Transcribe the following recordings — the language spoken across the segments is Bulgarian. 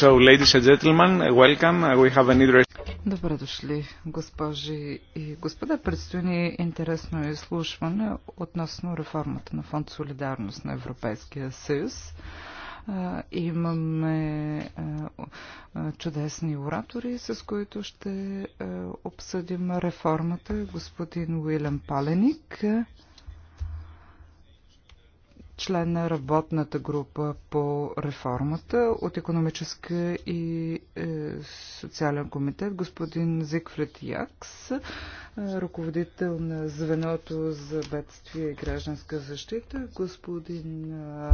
So, ladies and gentlemen, welcome. Uh, we have an interesting... Добре дошли, госпожи и господа. Предстои ни интересно изслушване относно реформата на Фонд Солидарност на Европейския съюз. Имаме чудесни оратори, с които ще обсъдим реформата. Господин Уилям Паленик член на работната група по реформата от економическа и е, социален комитет, господин Зигфред Якс, е, ръководител на звеното за бедствие и гражданска защита, господин е, е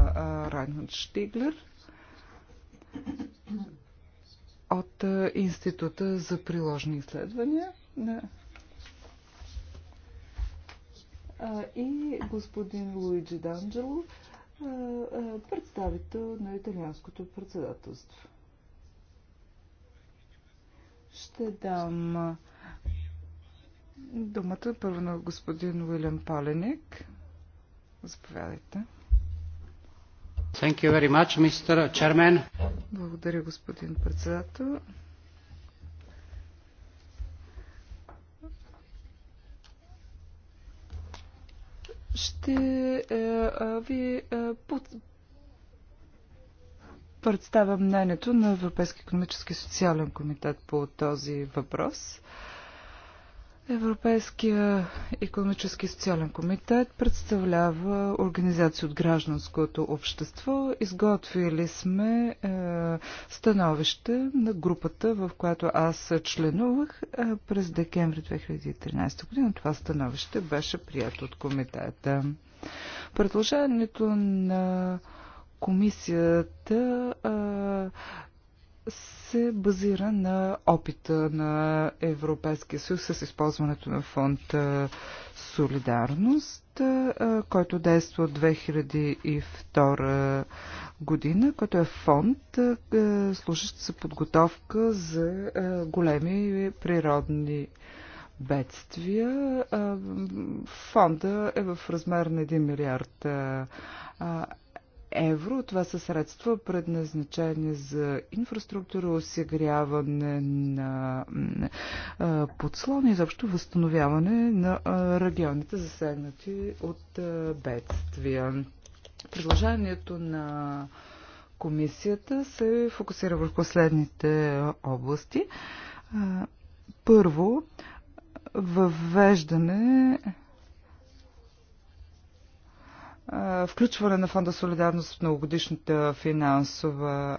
Райнхард Штиглер от е, Института за приложни изследвания на и господин Луиджи Данджело, представител на италианското председателство. Ще дам думата първо на господин Уилям Паленик. Заповядайте. Thank you very much, Mr. Chairman. Благодаря, господин председател. Ще е, ви е, под... представя мнението на Европейски економически и социален комитет по този въпрос. Европейския економически и социален комитет представлява организация от гражданското общество. Изготвили сме е, становище на групата, в която аз членувах е, през декември 2013 година. Това становище беше прието от комитета. Предложението на комисията е, се базира на опита на Европейския съюз с използването на фонд Солидарност, който действа от 2002 година, който е фонд, служащ за подготовка за големи природни бедствия. Фонда е в размер на 1 милиард евро. Това са средства предназначени за инфраструктура, осигуряване на подслон и заобщо възстановяване на регионите засегнати от бедствия. Предложението на комисията се фокусира върху следните области. Първо, въвеждане включване на Фонда Солидарност в многогодишната финансова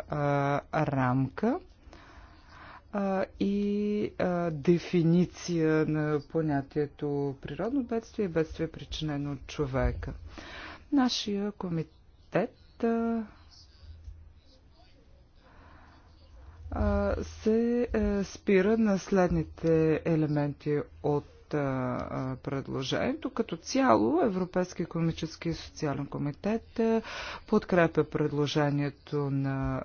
рамка и дефиниция на понятието природно бедствие и бедствие причинено от човека. Нашия комитет се е, спира на следните елементи от предложението. Като цяло Европейски економически и социален комитет подкрепя предложението на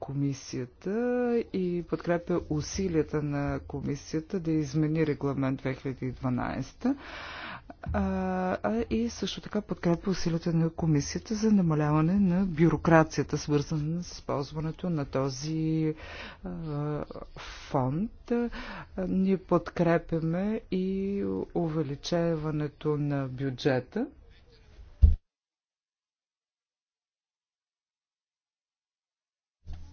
комисията и подкрепя усилията на комисията да измени регламент 2012 а и също така подкрепа усилията на комисията за намаляване на бюрокрацията, свързана с използването на този а, фонд. Ние подкрепяме и увеличаването на бюджета.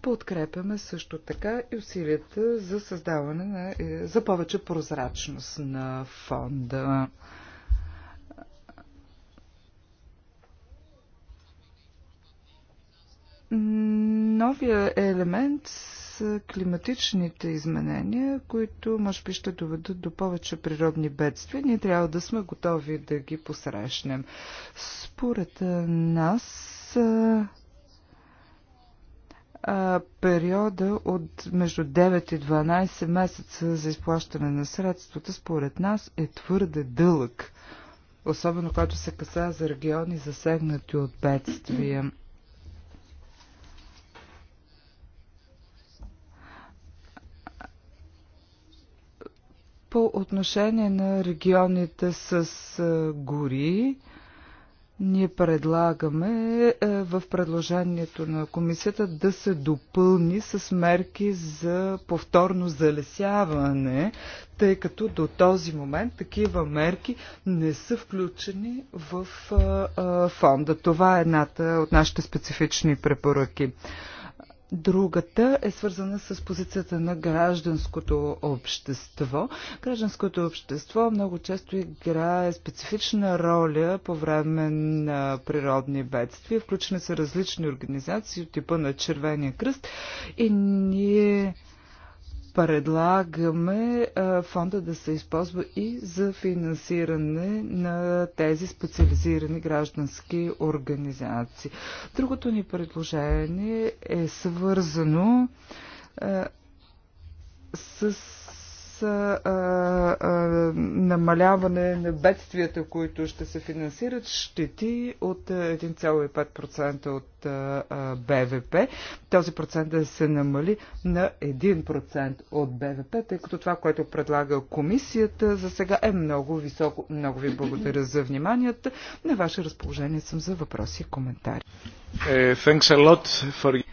подкрепяме също така и усилията за създаване на, е, за повече прозрачност на фонда. новия елемент са климатичните изменения, които може би ще доведат до повече природни бедствия. Ние трябва да сме готови да ги посрещнем. Според нас периода от между 9 и 12 месеца за изплащане на средствата, според нас, е твърде дълъг. Особено когато се каса за региони, засегнати от бедствия. отношение на регионите с гори, ние предлагаме е, в предложението на комисията да се допълни с мерки за повторно залесяване, тъй като до този момент такива мерки не са включени в фонда. Това е едната от нашите специфични препоръки. Другата е свързана с позицията на гражданското общество. Гражданското общество много често играе специфична роля по време на природни бедствия. Включени са различни организации от типа на Червения кръст и ние предлагаме фонда да се използва и за финансиране на тези специализирани граждански организации. Другото ни предложение е свързано с а, а, намаляване на бедствията, които ще се финансират, щети от 1,5% от а, БВП. Този процент да се намали на 1% от БВП, тъй като това, което предлага комисията за сега е много високо. Много ви благодаря за вниманието. На ваше разположение съм за въпроси и коментари. Е, thanks a lot for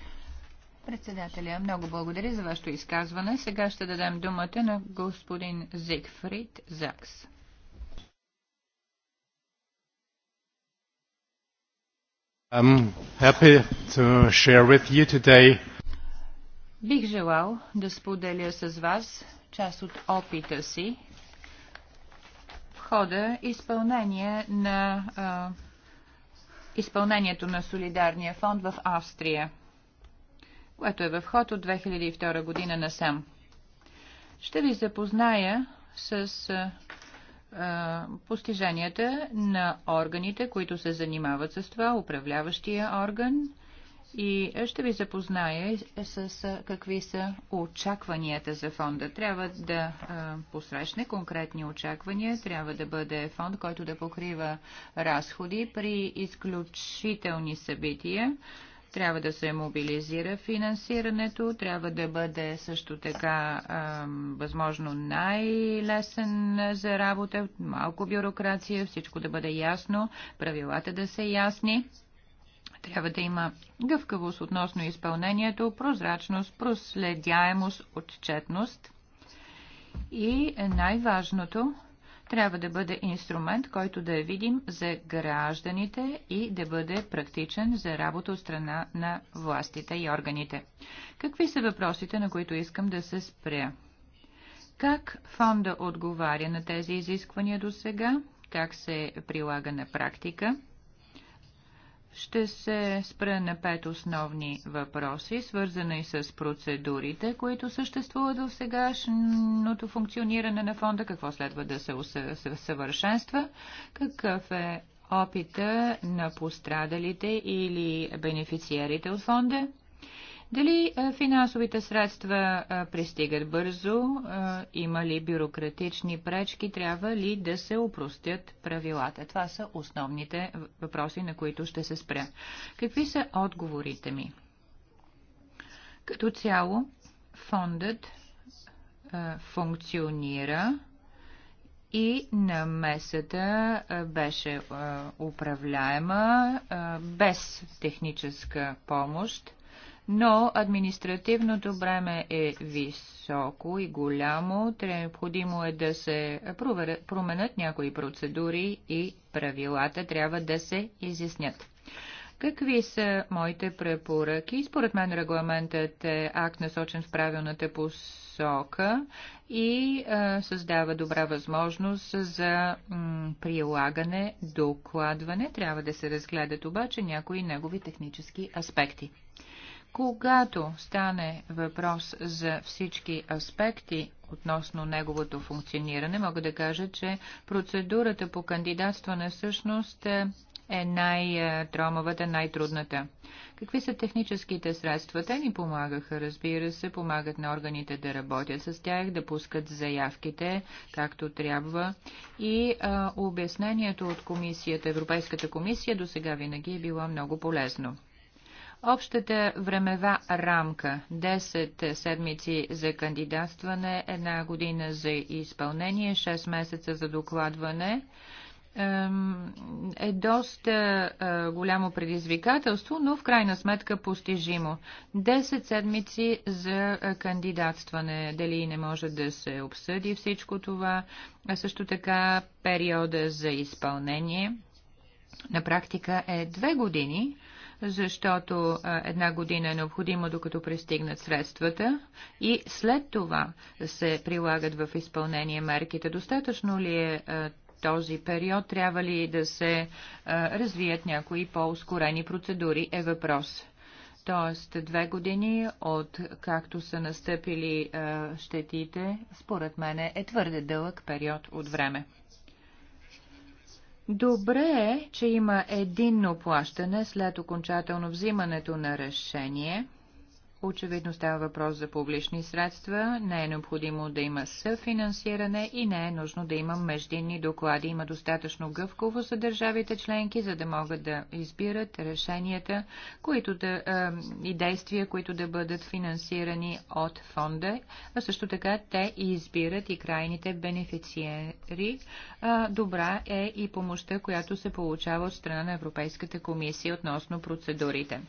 Председателя, много благодаря за вашето изказване. Сега ще дадем думата на господин Зигфрид Закс. Бих желал да споделя с вас част от опита си в хода изпълнение на а, изпълнението на Солидарния фонд в Австрия което е в ход от 2002 година насам. Ще ви запозная с постиженията на органите, които се занимават с това, управляващия орган. И ще ви запозная с какви са очакванията за фонда. Трябва да посрещне конкретни очаквания, трябва да бъде фонд, който да покрива разходи при изключителни събития трябва да се мобилизира финансирането, трябва да бъде също така а, възможно най-лесен за работа, малко бюрокрация, всичко да бъде ясно, правилата да са ясни. Трябва да има гъвкавост относно изпълнението, прозрачност, проследяемост, отчетност. И най-важното – трябва да бъде инструмент, който да е видим за гражданите и да бъде практичен за работа от страна на властите и органите. Какви са въпросите, на които искам да се спря? Как фонда отговаря на тези изисквания до сега? Как се прилага на практика? Ще се спра на пет основни въпроси, свързани с процедурите, които съществуват в сегашното функциониране на фонда, какво следва да се съвършенства, какъв е опита на пострадалите или бенефициерите от фонда, дали е, финансовите средства е, пристигат бързо? Е, има ли бюрократични пречки? Трябва ли да се упростят правилата? Това са основните въпроси, на които ще се спря. Какви са отговорите ми? Като цяло, фондът функционира и намесата беше управляема без техническа помощ но административното бреме е високо и голямо. Необходимо е да се променят някои процедури и правилата трябва да се изяснят. Какви са моите препоръки? Според мен регламентът е акт насочен в правилната посока и е, създава добра възможност за м, прилагане, докладване. Трябва да се разгледат обаче някои негови технически аспекти. Когато стане въпрос за всички аспекти относно неговото функциониране, мога да кажа, че процедурата по кандидатстване всъщност е най-тромавата, най-трудната. Какви са техническите средства? Те ни помагаха, разбира се, помагат на органите да работят с тях, да пускат заявките както трябва. И а, обяснението от комисията, Европейската комисия до сега винаги е било много полезно. Общата времева рамка 10 седмици за кандидатстване, една година за изпълнение, 6 месеца за докладване е доста е, голямо предизвикателство, но в крайна сметка постижимо. 10 седмици за е, кандидатстване. Дали не може да се обсъди всичко това. А също така периода за изпълнение на практика е 2 години защото една година е необходимо, докато пристигнат средствата и след това се прилагат в изпълнение мерките. Достатъчно ли е този период? Трябва ли да се развият някои по-ускорени процедури? Е въпрос т.е. две години от както са настъпили щетите, според мен е твърде дълъг период от време. Добре е, че има единно плащане след окончателно взимането на решение – Очевидно става въпрос за публични средства, не е необходимо да има съфинансиране и не е нужно да има междинни доклади. Има достатъчно гъвково за държавите членки, за да могат да избират решенията които да, е, и действия, които да бъдат финансирани от фонда, а също така те и избират и крайните бенефициери. Е, добра е и помощта, която се получава от страна на Европейската комисия относно процедурите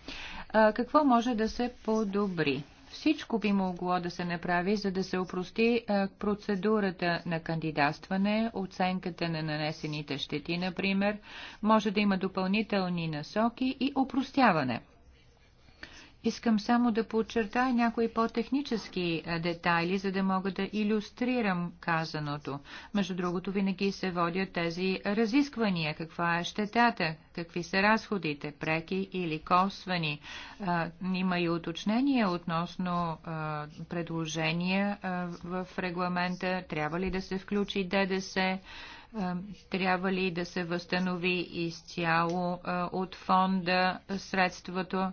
какво може да се подобри? Всичко би могло да се направи, за да се опрости процедурата на кандидатстване, оценката на нанесените щети, например, може да има допълнителни насоки и опростяване – Искам само да подчертая някои по-технически детайли, за да мога да иллюстрирам казаното. Между другото, винаги се водят тези разисквания. Каква е щетата? Какви са разходите? Преки или косвени? има и уточнения относно предложения в регламента. Трябва ли да се включи ДДС? трябва ли да се възстанови изцяло от фонда средството?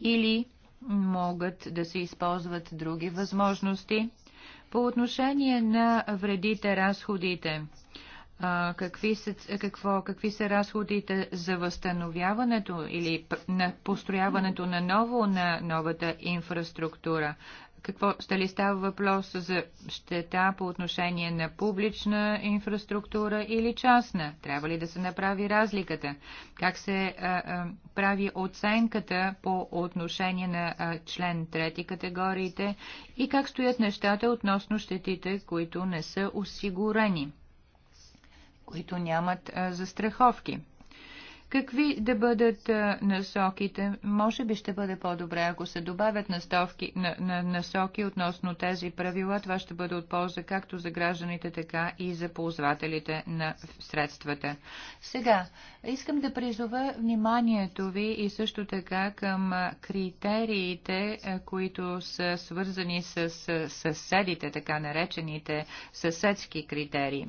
или могат да се използват други възможности. По отношение на вредите, разходите, а, какви, са, какво, какви са разходите за възстановяването или на построяването на ново на новата инфраструктура? какво ще ли става въпрос за щета по отношение на публична инфраструктура или частна? Трябва ли да се направи разликата? Как се а, а, прави оценката по отношение на а, член трети категориите и как стоят нещата относно щетите, които не са осигурени, които нямат а, застраховки? Какви да бъдат насоките? Може би ще бъде по-добре, ако се добавят настовки, на, на, насоки относно тези правила. Това ще бъде от полза както за гражданите, така и за ползвателите на средствата. Сега, искам да призова вниманието ви и също така към критериите, които са свързани с съседите, така наречените съседски критерии.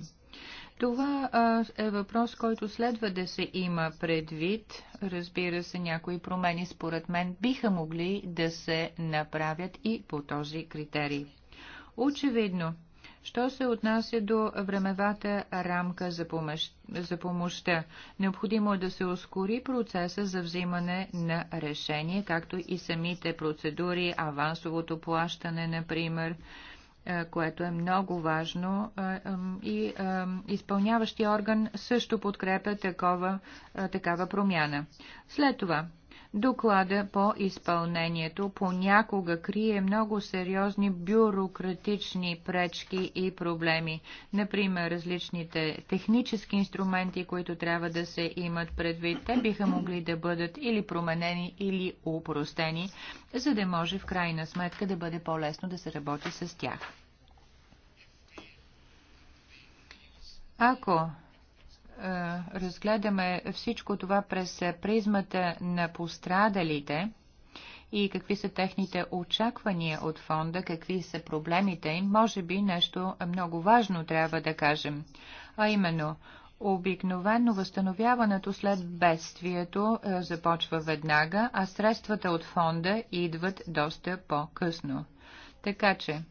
Това а, е въпрос, който следва да се има предвид. Разбира се, някои промени според мен биха могли да се направят и по този критерий. Очевидно, Що се отнася до времевата рамка за, помощ, за помощта, необходимо е да се ускори процеса за взимане на решение, както и самите процедури, авансовото плащане, например. Е, което е много важно. Е, и изпълняващия орган също подкрепя такова, е, такава промяна. След това, Доклада по изпълнението понякога крие много сериозни бюрократични пречки и проблеми. Например, различните технически инструменти, които трябва да се имат предвид, те биха могли да бъдат или променени, или упростени, за да може в крайна сметка да бъде по-лесно да се работи с тях. Ако разгледаме всичко това през призмата на пострадалите и какви са техните очаквания от фонда, какви са проблемите им, може би нещо много важно трябва да кажем. А именно, Обикновено възстановяването след бедствието започва веднага, а средствата от фонда идват доста по-късно. Така че,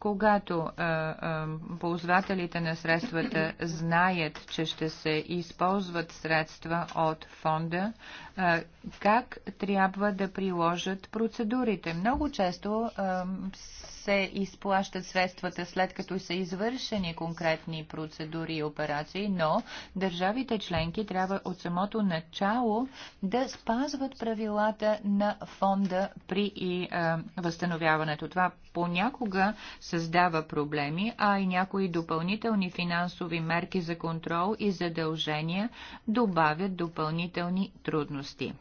когато а, а, ползвателите на средствата знаят, че ще се използват средства от фонда, а, как трябва да приложат процедурите? Много често а, се изплащат средствата след като са извършени конкретни процедури и операции, но държавите членки трябва от самото начало да спазват правилата на фонда при и а, възстановяването. Това понякога създава проблеми, а и някои допълнителни финансови мерки за контрол и задължения добавят допълнителни трудности.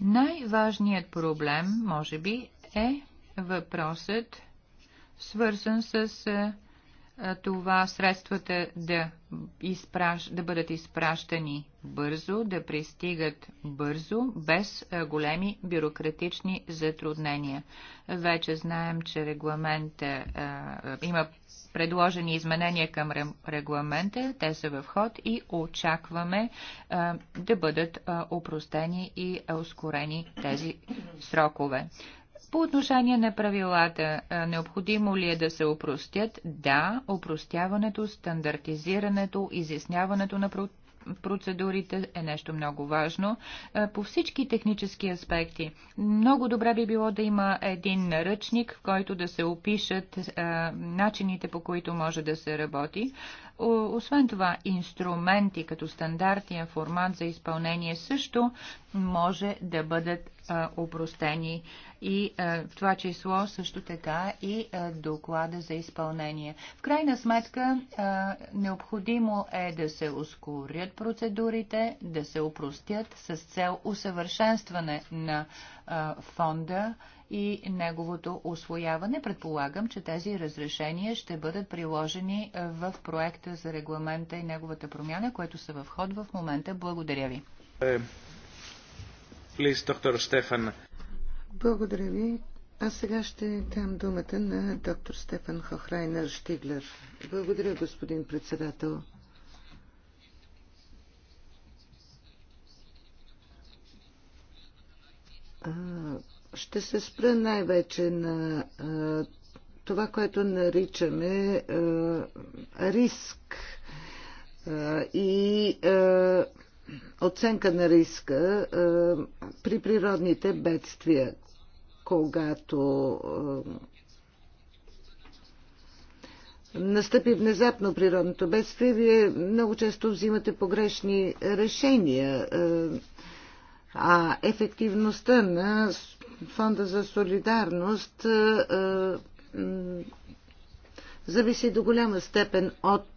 Най-важният проблем, може би, е въпросът, свързан с това средствата да, изпращ, да бъдат изпращани бързо, да пристигат бързо, без големи бюрократични затруднения. Вече знаем, че регламент е, има предложени изменения към регламента, те са в ход и очакваме е, да бъдат е, упростени и ускорени тези срокове. По отношение на правилата, необходимо ли е да се опростят? Да, опростяването, стандартизирането, изясняването на процедурите е нещо много важно по всички технически аспекти. Много добре би било да има един наръчник, в който да се опишат начините по които може да се работи. Освен това, инструменти като стандартния формат за изпълнение също може да бъдат опростени и в това число също така и доклада за изпълнение. В крайна сметка необходимо е да се ускорят процедурите, да се опростят с цел усъвършенстване на фонда и неговото освояване. Предполагам, че тези разрешения ще бъдат приложени в проекта за регламента и неговата промяна, което са в ход в момента. Благодаря ви. Е, Please, доктор Стефан. Благодаря ви. Аз сега ще дам думата на доктор Стефан Хохрайнер Штиглер. Благодаря, господин председател. Ще се спра най-вече на това, което наричаме риск и оценка на риска при природните бедствия, когато настъпи внезапно природното бедствие, вие много често взимате погрешни решения. А ефективността на Фонда за солидарност зависи до голяма степен от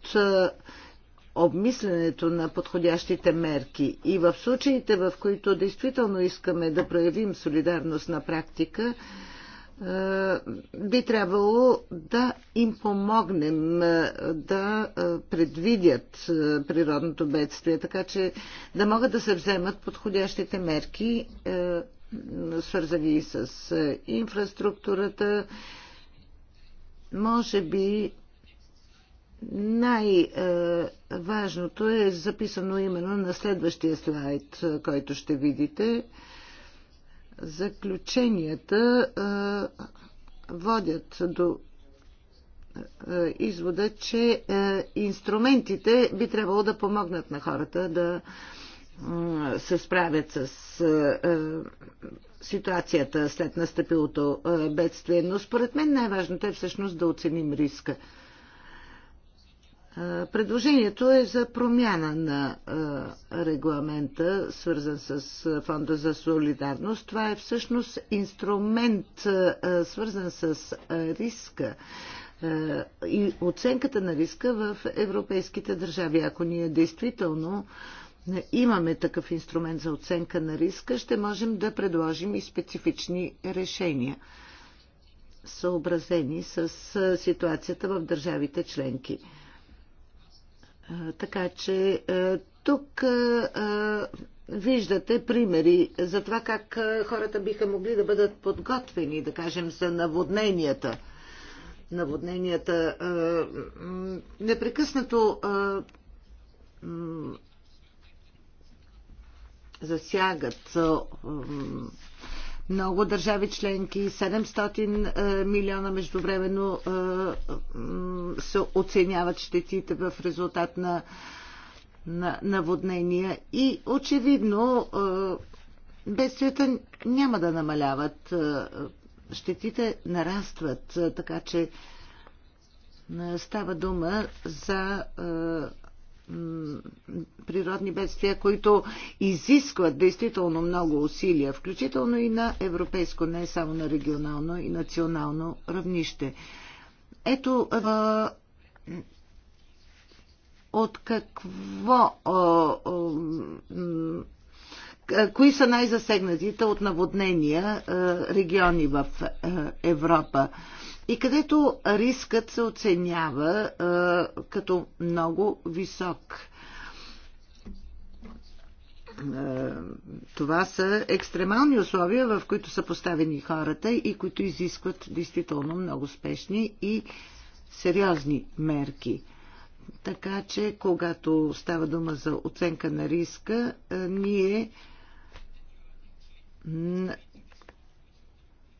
обмисленето на подходящите мерки. И в случаите, в които действително искаме да проявим солидарност на практика, е, би трябвало да им помогнем е, да е, предвидят природното бедствие, така че да могат да се вземат подходящите мерки, свързани с инфраструктурата. Може би най-важното е записано именно на следващия слайд, който ще видите. Заключенията водят до извода, че инструментите би трябвало да помогнат на хората да се справят с ситуацията след настъпилото бедствие. Но според мен най-важното е всъщност да оценим риска. Предложението е за промяна на регламента, свързан с Фонда за солидарност. Това е всъщност инструмент, свързан с риска и оценката на риска в европейските държави. Ако ние действително имаме такъв инструмент за оценка на риска, ще можем да предложим и специфични решения, съобразени с ситуацията в държавите членки. Така че тук виждате примери за това как хората биха могли да бъдат подготвени, да кажем, за наводненията. Наводненията непрекъснато засягат много държави членки, 700 е, милиона междувременно е, се оценяват щетите в резултат на, на наводнения и очевидно е, бедствията няма да намаляват. Щетите нарастват, така че става дума за природни бедствия, които изискват действително много усилия, включително и на европейско, не само на регионално и национално равнище. Ето а, от какво а, а, кои са най-засегнатите от наводнения а, региони в а, Европа. А, и където рискът се оценява а, е, като много висок. Е, това са екстремални условия, в които са поставени хората и които изискват действително много спешни и сериозни мерки. Така че, когато става дума за оценка на риска, е, ние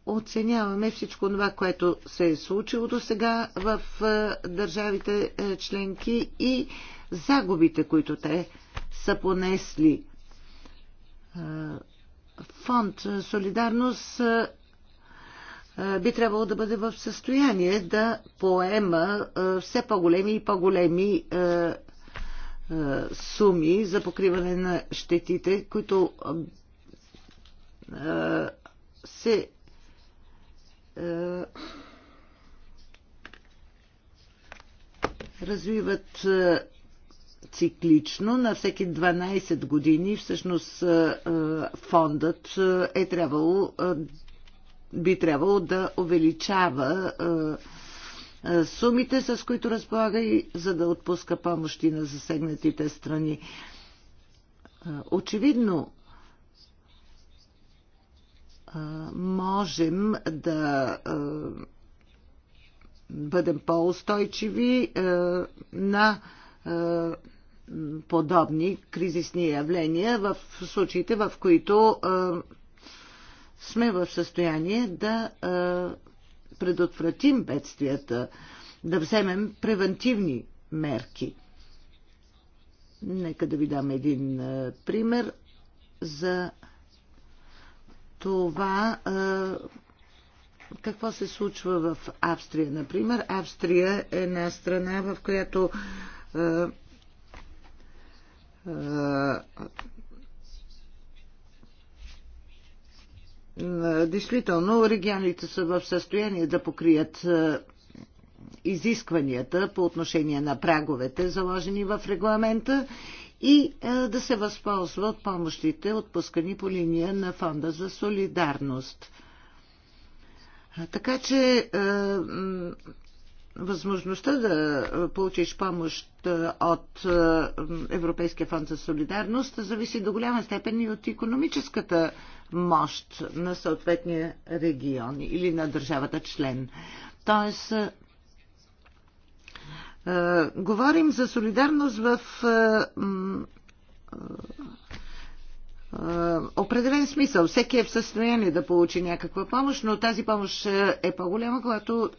оценяваме всичко това, което се е случило до сега в е, държавите е, членки и загубите, които те са понесли. Е, фонд Солидарност би трябвало да бъде в състояние да поема все по-големи и по-големи суми за покриване на щетите, които се е, развиват е, циклично, на всеки 12 години всъщност е, фондът е трябвало, би трябвало да увеличава сумите, с които разполага и за да отпуска помощи на засегнатите страни. Очевидно, можем да бъдем по-устойчиви на подобни кризисни явления в случаите, в които сме в състояние да предотвратим бедствията, да вземем превентивни мерки. Нека да ви дам един пример за това какво се случва в Австрия, например. Австрия е една страна, в която действително регионите са в състояние да покрият изискванията по отношение на праговете, заложени в регламента и е, да се възползва от помощите, отпускани по линия на Фонда за солидарност. Така че е, възможността да получиш помощ е, от Европейския фонд за солидарност зависи до голяма степен и от економическата мощ на съответния регион или на държавата член. Тоест, е, говорим за солидарност в е, е, определен смисъл. Всеки е в състояние да получи някаква помощ, но тази помощ е по-голяма, когато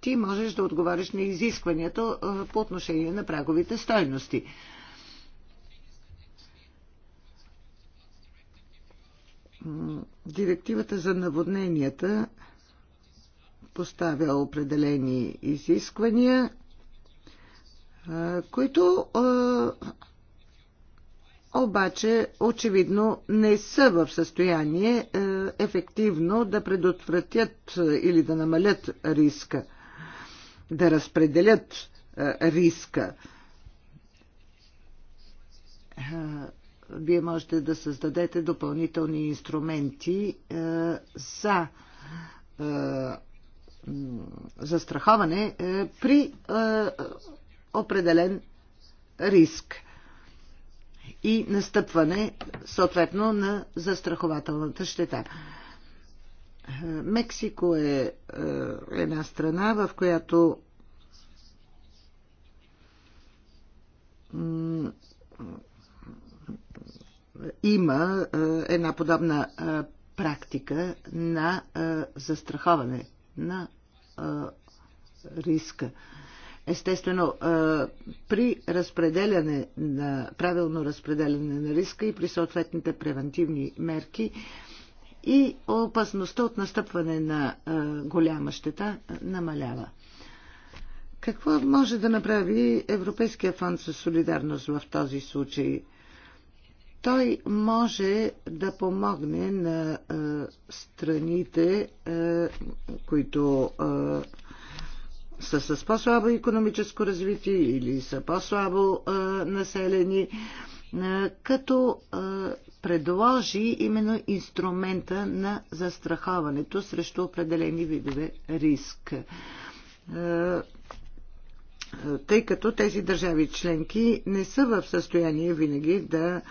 ти можеш да отговариш на изискванията по отношение на праговите стойности. Директивата за наводненията поставя определени изисквания които обаче очевидно не са в състояние ефективно да предотвратят или да намалят риска, да разпределят риска. Вие можете да създадете допълнителни инструменти за застраховане при определен риск и настъпване съответно на застрахователната щета. Мексико е, е една страна, в която има е, една подобна е, практика на застраховане на риска. Естествено, при разпределяне на, правилно разпределяне на риска и при съответните превентивни мерки и опасността от настъпване на голяма щета намалява. Какво може да направи Европейския фонд за солидарност в този случай? Той може да помогне на страните, които са с по-слабо економическо развитие или са по-слабо населени, като предложи именно инструмента на застраховането срещу определени видове риск. Тъй като тези държави членки не са в състояние винаги да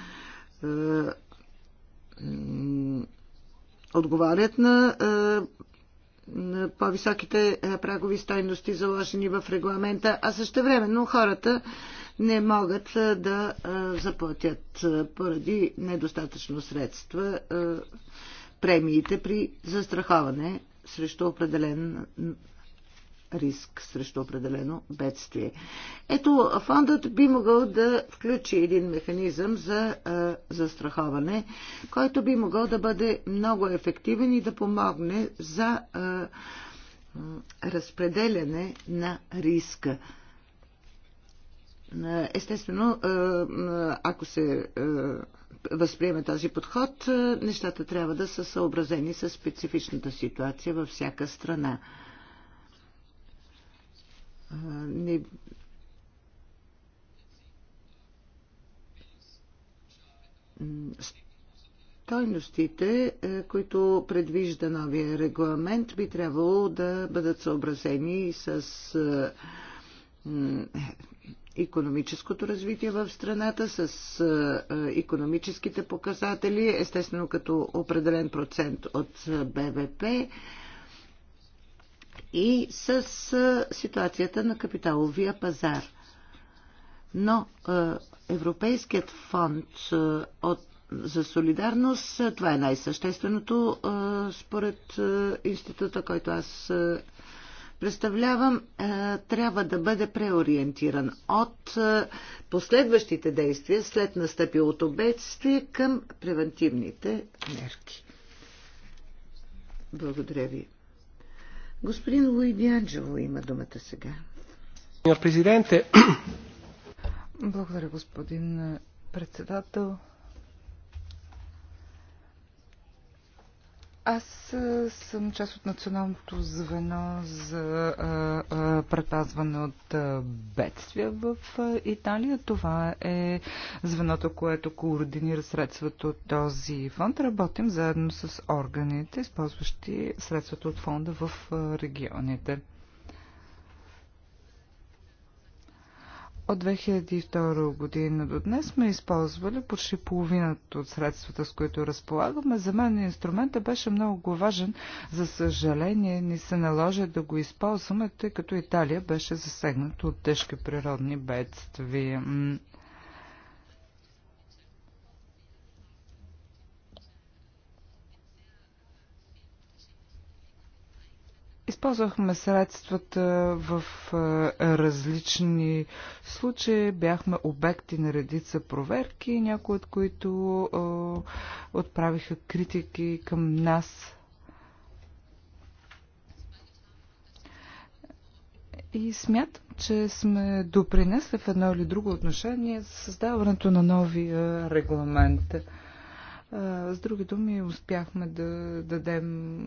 отговарят на по-високите е, прагови стойности, заложени в регламента, а също времено хората не могат е, да е, заплатят поради недостатъчно средства премиите при застраховане срещу определен риск срещу определено бедствие. Ето, фондът би могъл да включи един механизъм за застраховане, който би могъл да бъде много ефективен и да помогне за а, разпределяне на риска. Естествено, ако се възприеме този подход, нещата трябва да са съобразени с специфичната ситуация във всяка страна не Стойностите, е, които предвижда новия регламент, би трябвало да бъдат съобразени с економическото развитие в страната, с економическите е, показатели, естествено като определен процент от е, БВП и с ситуацията на капиталовия пазар. Но Европейският фонд от за солидарност. Това е най-същественото според института, който аз представлявам, трябва да бъде преориентиран от последващите действия след настъпилото бедствие към превентивните мерки. Благодаря ви. Господин Луи Дианджело има думата сега. Благодаря, господин председател. Аз съм част от националното звено за предпазване от бедствия в Италия. Това е звеното, което координира средствата от този фонд. Работим заедно с органите, използващи средствата от фонда в регионите. От 2002 година до днес сме използвали почти половината от средствата, с които разполагаме. За мен инструмента беше много важен. За съжаление, ни се наложи да го използваме, тъй като Италия беше засегната от тежки природни бедствия. Използвахме средствата в различни случаи, бяхме обекти на редица проверки, някои от които отправиха критики към нас. И смятам, че сме допринесли в едно или друго отношение за създаването на новия регламент. С други думи, успяхме да дадем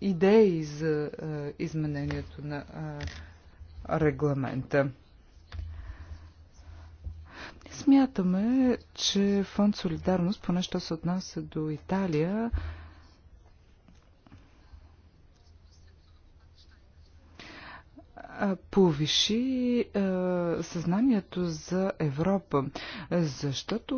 идеи за изменението на регламента. Смятаме, че фонд Солидарност, поне що се отнася до Италия, повиши съзнанието за Европа, защото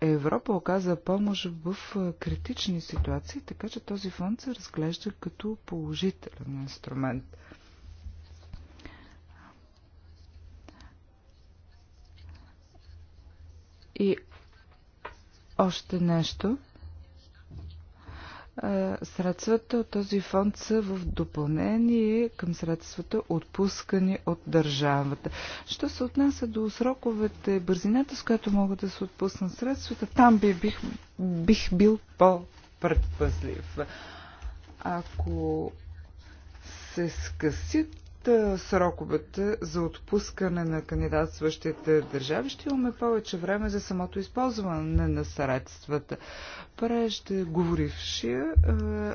Европа оказа помощ в критични ситуации, така че този фонд се разглежда като положителен инструмент. И още нещо – средствата от този фонд са в допълнение към средствата отпускани от държавата. Що се отнася до сроковете, бързината, с която могат да се отпуснат средствата, там би, бих, бих бил по-предпазлив. Ако се скъсят е, сроковете за отпускане на кандидатстващите държави, ще имаме повече време за самото използване на средствата. Прежде говорившия е, е,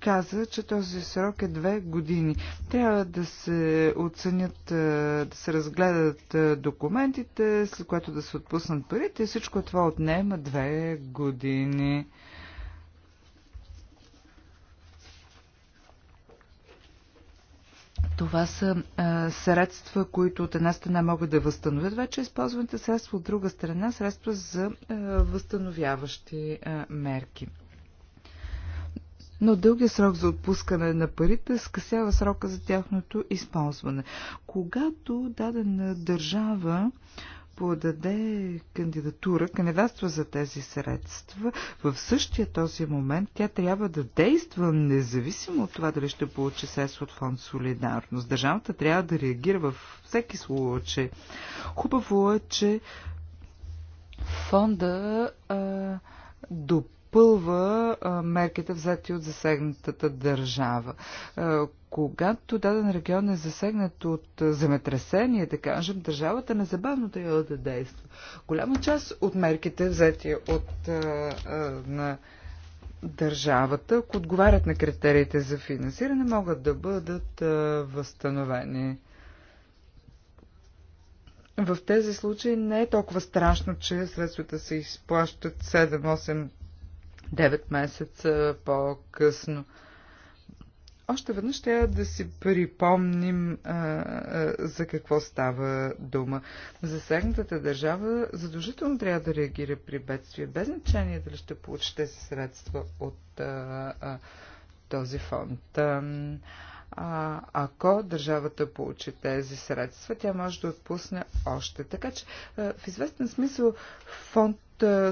каза, че този срок е две години. Трябва да се оценят, да се разгледат документите, след което да се отпуснат парите и всичко това отнема две години. Това са а, средства, които от една страна могат да възстановят вече използваните средства, от друга страна средства за а, възстановяващи а, мерки. Но дългия срок за отпускане на парите скъсява срока за тяхното използване. Когато дадена държава подаде кандидатура, кандидатства за тези средства, в същия този момент тя трябва да действа независимо от това дали ще получи средства от фонд Солидарност. Държавата трябва да реагира във всеки случай. Хубаво е, че фонда а, допълва мерките взети от засегнатата държава когато даден регион е засегнат от земетресение, да кажем, държавата незабавно трябва да действа. Голяма част от мерките, взети от а, а, на държавата, ако отговарят на критериите за финансиране, могат да бъдат а, възстановени. В тези случаи не е толкова страшно, че средствата се изплащат 7, 8, 9 месеца по-късно. А, още веднъж трябва да си припомним а, а, за какво става дума. Засегнатата държава задължително трябва да реагира при бедствие, без значение дали ще получи тези средства от а, а, този фонд. А, а, ако държавата получи тези средства, тя може да отпусне още. Така че в известен смисъл фонд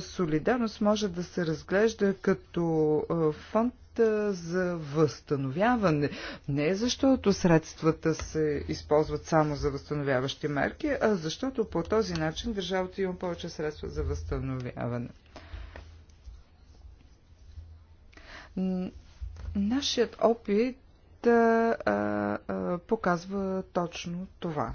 Солидарност може да се разглежда като фонд за възстановяване. Не защото средствата се използват само за възстановяващи мерки, а защото по този начин държавата има повече средства за възстановяване. Нашият опит а, а, показва точно това.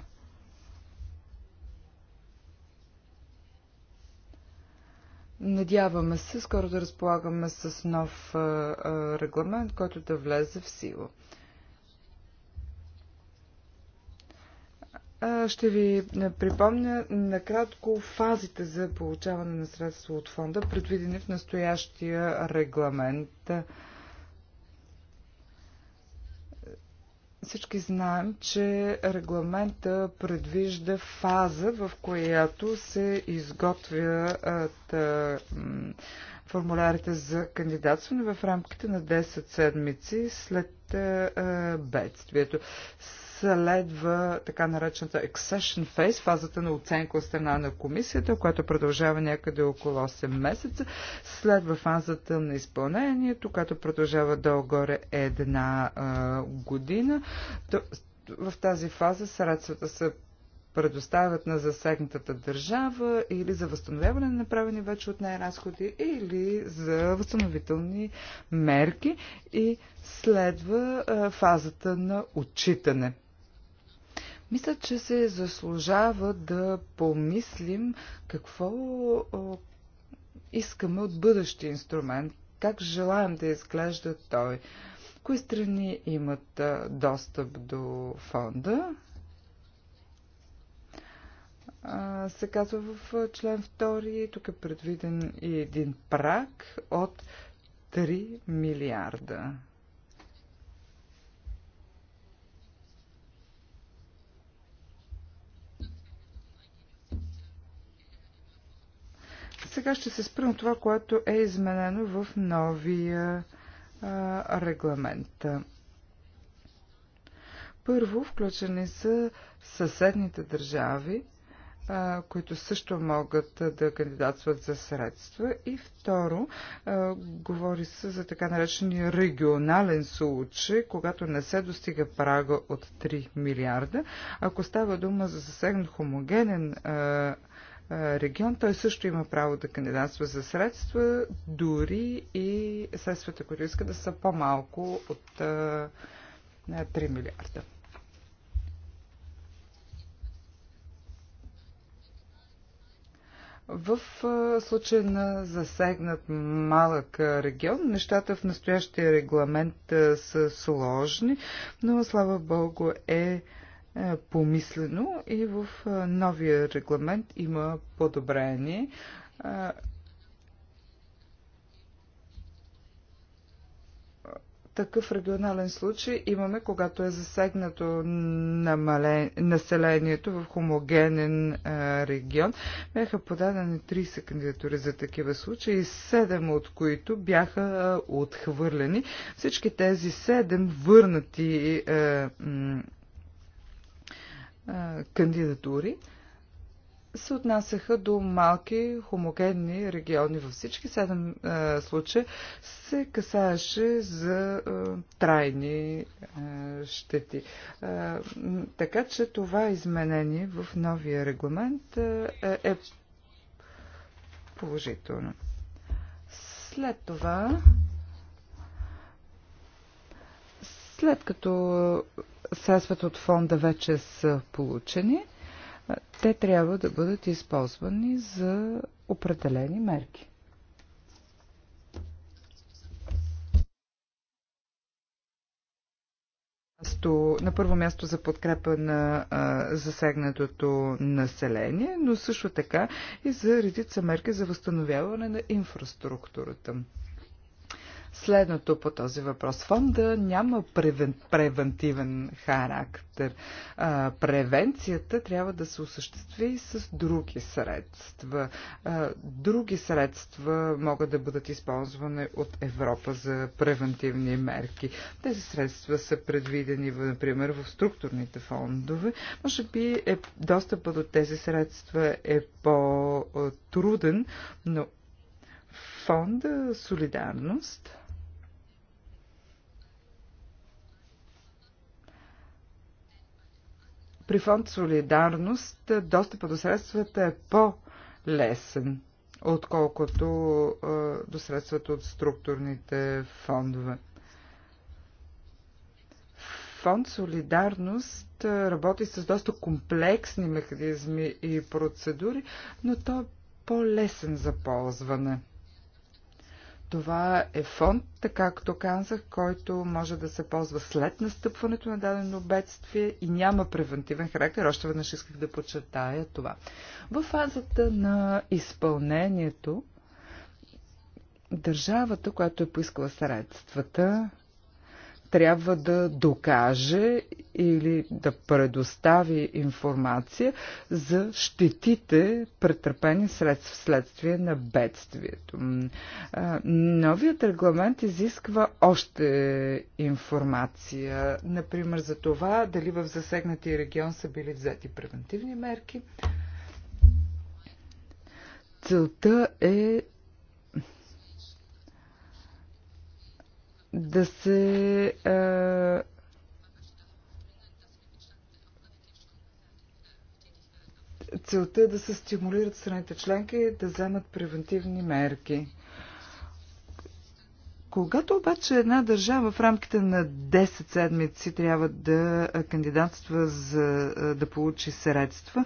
Надяваме се скоро да разполагаме с нов регламент, който да влезе в сила. Ще ви припомня накратко фазите за получаване на средства от фонда, предвидени в настоящия регламент. Всички знаем, че регламента предвижда фаза, в която се изготвят формулярите за кандидатстване в рамките на 10 седмици след бедствието следва така наречената accession phase, фазата на оценка от страна на комисията, която продължава някъде около 8 месеца. Следва фазата на изпълнението, която продължава долу-горе една а, година. То, в тази фаза средствата са предоставят на засегнатата държава или за възстановяване на направени вече от нея разходи, или за възстановителни мерки и следва а, фазата на отчитане. Мисля, че се заслужава да помислим какво искаме от бъдещия инструмент, как желаем да изглежда той. Кои страни имат достъп до фонда? се казва в член 2, тук е предвиден и един прак от 3 милиарда. Сега ще се спрем това, което е изменено в новия а, регламент. Първо, включени са съседните държави, а, които също могат да кандидатстват за средства. И второ, а, говори се за така наречения регионален случай, когато не се достига прага от 3 милиарда. Ако става дума за засегнат хомогенен а, регион, той също има право да кандидатства за средства, дори и средствата, които иска да са по-малко от 3 милиарда. В случай на засегнат малък регион, нещата в настоящия регламент са сложни, но слава Богу е е, помислено и в е, новия регламент има подобрение. Е, такъв регионален случай имаме, когато е засегнато намале... населението в хомогенен а, регион. Бяха подадени 30 кандидатури за такива случаи, 7 от които бяха а, отхвърлени. Всички тези 7 върнати а, кандидатури се отнасяха до малки хомогенни региони. Във всички седем случая се касаеше за а, трайни а, щети. А, така че това изменение в новия регламент е, е положително. След това, след като средствата от фонда вече са получени, те трябва да бъдат използвани за определени мерки. на първо място за подкрепа на а, засегнатото население, но също така и за редица мерки за възстановяване на инфраструктурата следното по този въпрос. Фонда няма превен, превентивен характер. А, превенцията трябва да се осъществи и с други средства. А, други средства могат да бъдат използвани от Европа за превентивни мерки. Тези средства са предвидени, например, в структурните фондове. Може би е, достъпът до тези средства е по-труден, но фонда Солидарност При фонд Солидарност е, достъпа до средствата е по-лесен, отколкото е, до средствата от структурните фондове. Фонд Солидарност е, работи с доста комплексни механизми и процедури, но то е по-лесен за ползване. Това е фонд, така както казах, който може да се ползва след настъпването на дадено бедствие и няма превентивен характер. Още веднъж исках да подчертая това. В фазата на изпълнението, държавата, която е поискала средствата, трябва да докаже или да предостави информация за щетите, претърпени след, вследствие на бедствието. Новият регламент изисква още информация, например за това дали в засегнатия регион са били взети превентивни мерки. Целта е да се целта е да се стимулират страните членки да вземат превентивни мерки. Когато обаче една държава в рамките на 10 седмици трябва да кандидатства за да получи средства,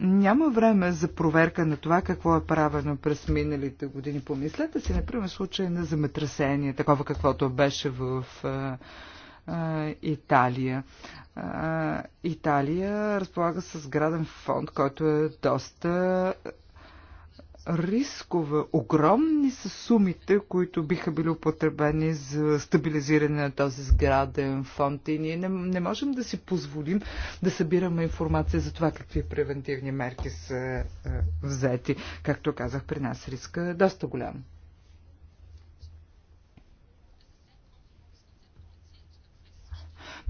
няма време за проверка на това какво е правено през миналите години. Помислете си, например, случай на земетресение, такова каквото беше в Италия. Италия разполага с граден фонд, който е доста Рискова. Огромни са сумите, които биха били употребени за стабилизиране на този сграден фонд и ние не, не можем да си позволим да събираме информация за това какви превентивни мерки са е, взети. Както казах, при нас риска е доста голям.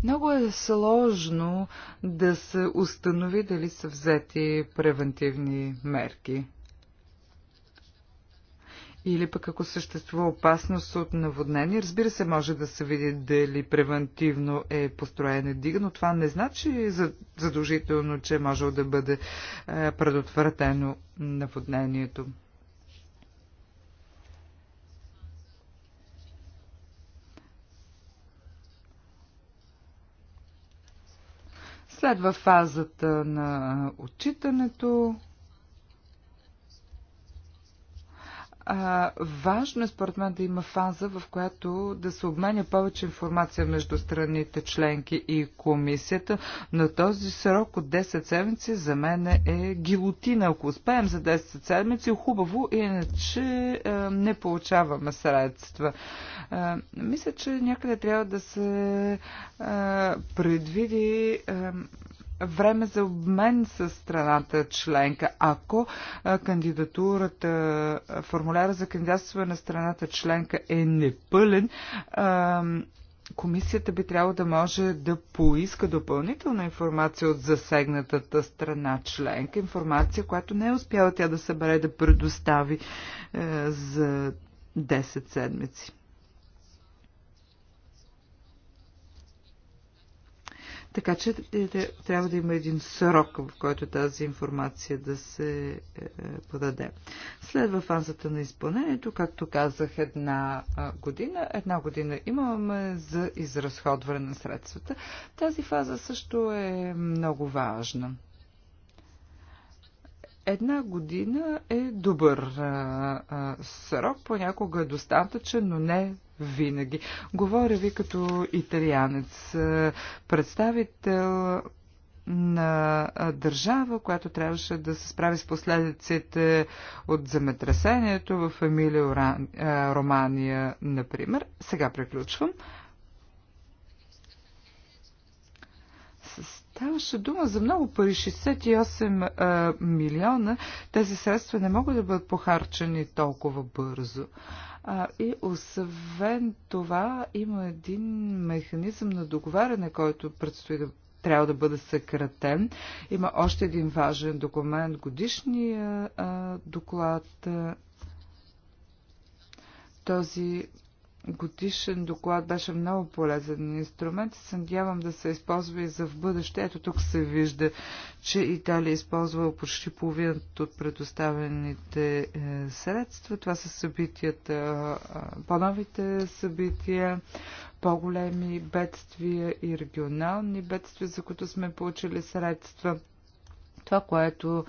Много е сложно да се установи дали са взети превентивни мерки или пък ако съществува опасност от наводнение, разбира се, може да се види дали превентивно е построена дига, но това не значи задължително, че може да бъде е, предотвратено наводнението. Следва фазата на отчитането. А, важно е според мен да има фаза, в която да се обменя повече информация между страните членки и комисията, но този срок от 10 седмици за мен е гилотина. Ако успеем за 10 седмици, хубаво, иначе а, не получаваме средства. А, мисля, че някъде трябва да се а, предвиди. А, време за обмен с страната членка, ако кандидатурата, формуляра за кандидатстване на страната членка е непълен, комисията би трябвало да може да поиска допълнителна информация от засегнатата страна членка, информация, която не е успяла тя да събере да предостави е, за 10 седмици. Така че е, е, трябва да има един срок, в който тази информация да се е, подаде. Следва фазата на изпълнението, както казах, една година. Една година имаме за изразходване на средствата. Тази фаза също е много важна. Една година е добър а, а, срок, понякога е достатъчен, но не винаги. Говоря ви като италианец, представител на държава, която трябваше да се справи с последиците от земетресението в Емилия Романия, например. Сега приключвам. Ставаше дума за много пари, 68 а, милиона. Тези средства не могат да бъдат похарчени толкова бързо. А, и освен това има един механизъм на договаряне, който предстои да трябва да бъде съкратен. Има още един важен документ, годишния а, доклад. А, този годишен доклад беше много полезен инструмент и се надявам да се използва и за в бъдеще. Ето тук се вижда, че Италия използва почти половината от предоставените е, средства. Това са събитията, е, по-новите събития, по-големи бедствия и регионални бедствия, за които сме получили средства. Това, което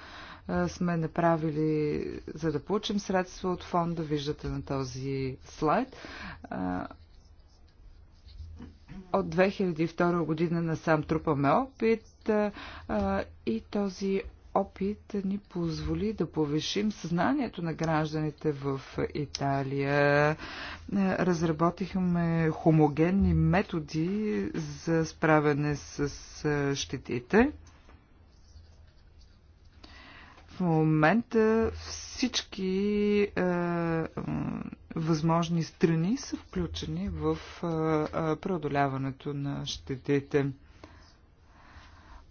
сме направили, за да получим средства от фонда, виждате на този слайд. От 2002 година насам трупаме опит и този опит ни позволи да повишим съзнанието на гражданите в Италия. Разработихме хомогенни методи за справяне с щетите. В момента всички е, възможни страни са включени в е, е, преодоляването на щетите.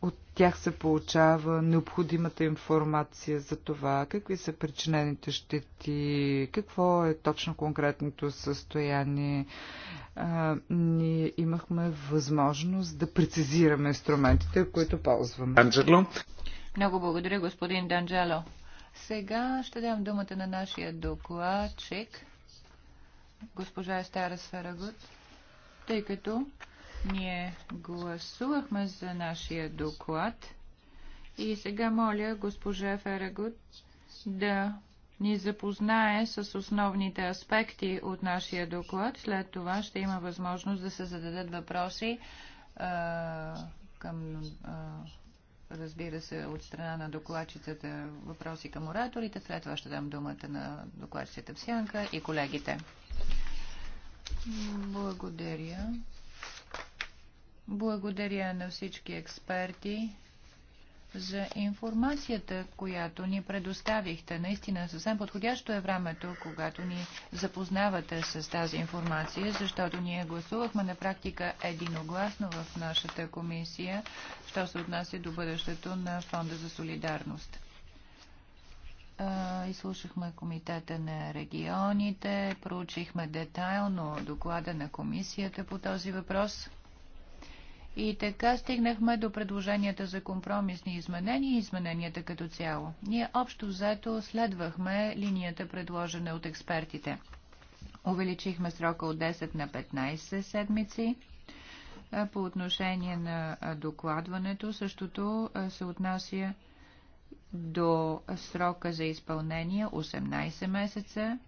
От тях се получава необходимата информация за това, какви са причинените щети, какво е точно конкретното състояние. А, е, ние имахме възможност да прецизираме инструментите, които ползваме. Анджело. Много благодаря, господин Данджело. Сега ще дам думата на нашия докладчик, госпожа Естара Сферагут, тъй като ние гласувахме за нашия доклад. И сега моля госпожа Ферагут да ни запознае с основните аспекти от нашия доклад. След това ще има възможност да се зададат въпроси а, към а, разбира се, от страна на докладчицата въпроси към ораторите. След това ще дам думата на докладчицата в сянка и колегите. Благодаря. Благодаря на всички експерти за информацията, която ни предоставихте. Наистина съвсем подходящо е времето, когато ни запознавате с тази информация, защото ние гласувахме на практика единогласно в нашата комисия, що се отнася до бъдещето на Фонда за солидарност. Изслушахме комитета на регионите, проучихме детайлно доклада на комисията по този въпрос – и така стигнахме до предложенията за компромисни изменения и измененията като цяло. Ние общо взето следвахме линията предложена от експертите. Увеличихме срока от 10 на 15 седмици. По отношение на докладването, същото се отнася до срока за изпълнение 18 месеца.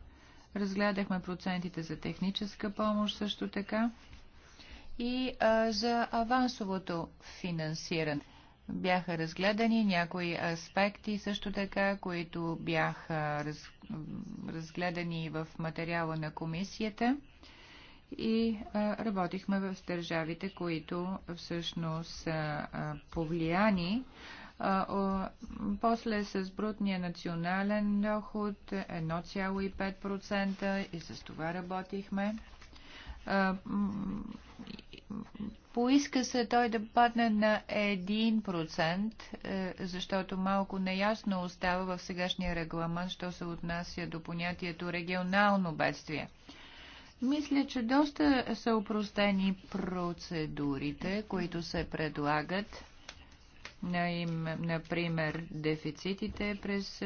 Разгледахме процентите за техническа помощ също така и а, за авансовото финансиране. Бяха разгледани някои аспекти, също така, които бяха раз, разгледани в материала на комисията и а, работихме в държавите, които всъщност са повлияни. А, о, после с брутния национален доход 1,5% и с това работихме. А, Поиска се той да падне на 1%, е, защото малко неясно остава в сегашния регламент, що се отнася до понятието регионално бедствие. Мисля, че доста са упростени процедурите, които се предлагат. Например, дефицитите през,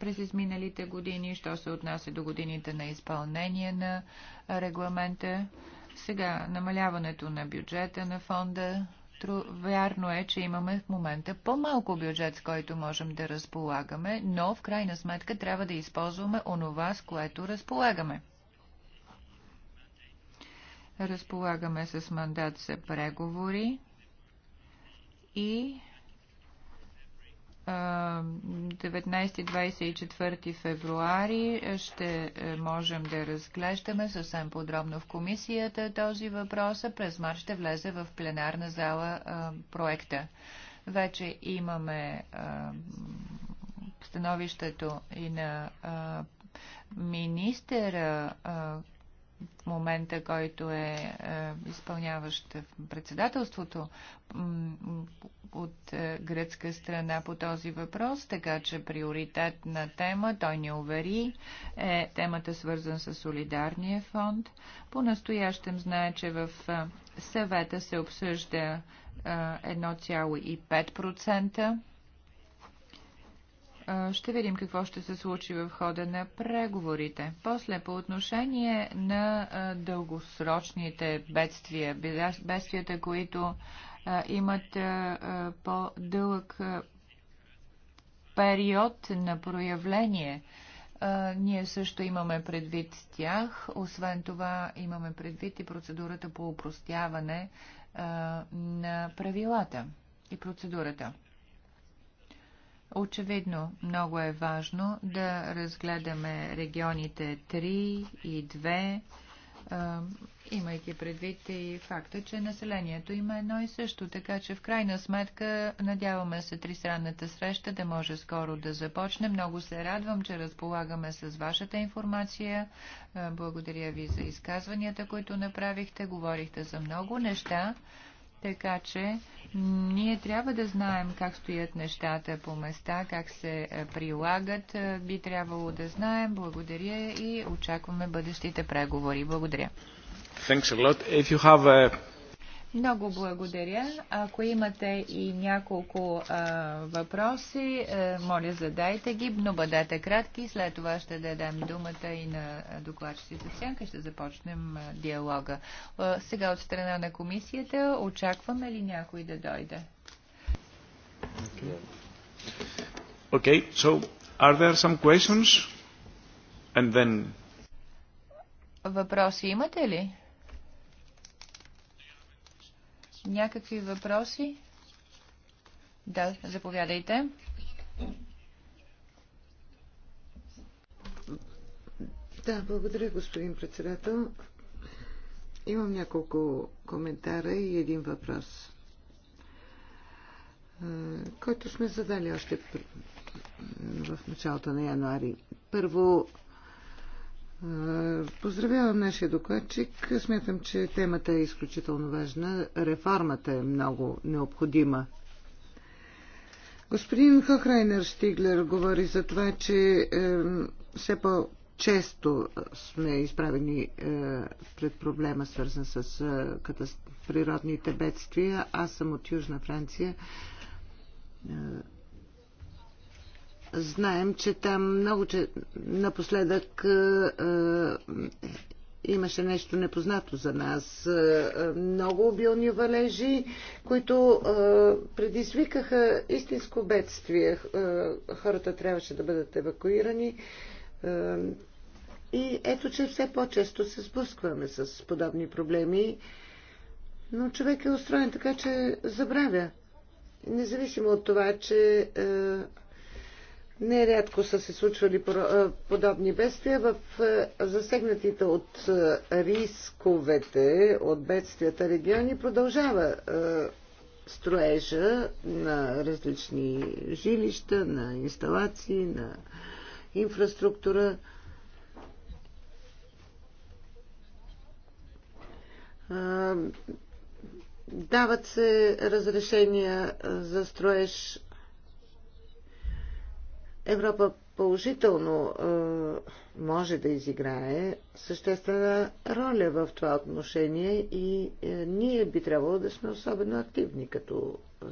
през изминалите години, що се отнася до годините на изпълнение на регламента. Сега, намаляването на бюджета на фонда. Вярно е, че имаме в момента по-малко бюджет, с който можем да разполагаме, но в крайна сметка трябва да използваме онова, с което разполагаме. Разполагаме с мандат за преговори и 19-24 февруари ще е, можем да разглеждаме съвсем подробно в комисията този въпрос, а през март ще влезе в пленарна зала проекта. Вече имаме становището и на министера в момента, който е, е изпълняващ председателството от е, гръцка страна по този въпрос, така че приоритет на тема, той ни увери, е темата свързан с солидарния фонд. По-настоящем знае, че в е, съвета се обсъжда 1,5% ще видим какво ще се случи в хода на преговорите. После, по отношение на дългосрочните бедствия, бедствията, които имат по-дълъг период на проявление, ние също имаме предвид тях. Освен това, имаме предвид и процедурата по упростяване на правилата и процедурата. Очевидно, много е важно да разгледаме регионите 3 и 2, имайки предвид и факта, че населението има едно и също, така че в крайна сметка надяваме се тристранната среща да може скоро да започне. Много се радвам, че разполагаме с вашата информация. Благодаря ви за изказванията, които направихте. Говорихте за много неща. Така че ние трябва да знаем как стоят нещата по места, как се е, прилагат. Е, би трябвало да знаем. Благодаря и очакваме бъдещите преговори. Благодаря. Thanks a lot. If you have a е, много благодаря. Ако имате и няколко а, въпроси, а, моля задайте ги, но бъдете кратки. След това ще дадем думата и на докладчиците в сянка. Ще започнем а, диалога. А, сега от страна на комисията очакваме ли някой да дойде? Okay, okay so are there some questions? And then... Въпроси имате ли? Някакви въпроси? Да, заповядайте. Да, благодаря, господин председател. Имам няколко коментара и един въпрос, който сме задали още в началото на януари. Първо, е, поздравявам нашия докладчик. Смятам, че темата е изключително важна. Реформата е много необходима. Господин Хохрайнер Штиглер говори за това, че е, все по-често сме изправени е, пред проблема, свързан с е, катастроф... природните бедствия. Аз съм от Южна Франция. Е, Знаем, че там много че напоследък е, е, имаше нещо непознато за нас. Е, много обилни валежи, които предизвикаха истинско бедствие. Хората трябваше да бъдат евакуирани. И ето, че все по-често се сблъскваме с подобни проблеми, но човек е устроен така, че забравя. Независимо от това, че Нерядко са се случвали подобни бедствия в засегнатите от рисковете от бедствията региони. Продължава строежа на различни жилища, на инсталации, на инфраструктура. Дават се разрешения за строеж Европа положително е, може да изиграе съществена роля в това отношение и е, ние би трябвало да сме особено активни като е,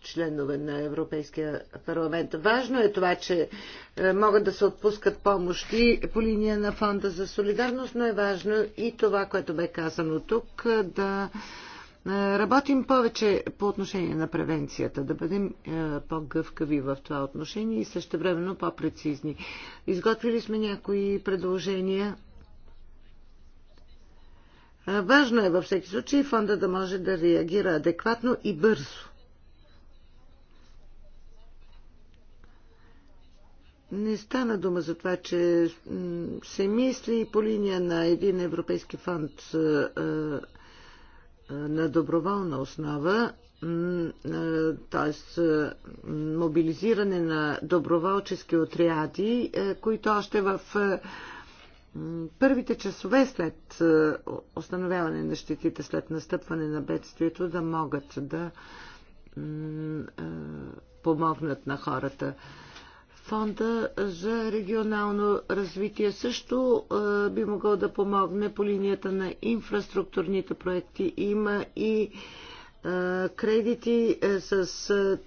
членове на Европейския парламент. Важно е това, че могат да се отпускат помощи по линия на Фонда за солидарност, но е важно и това, което бе казано тук, да е, работим повече по отношение на превенцията, да бъдем е, по-гъвкави в това отношение и също времено по-прецизни. Изготвили сме някои предложения. Е, важно е във всеки случай фонда да може да реагира адекватно и бързо. Не стана дума за това, че се мисли по линия на един европейски фонд на доброволна основа, т.е. мобилизиране на доброволчески отряди, които още в първите часове след установяване на щетите, след настъпване на бедствието, да могат да помогнат на хората. Фонда за регионално развитие също би могъл да помогне по линията на инфраструктурните проекти. Има и кредити е, с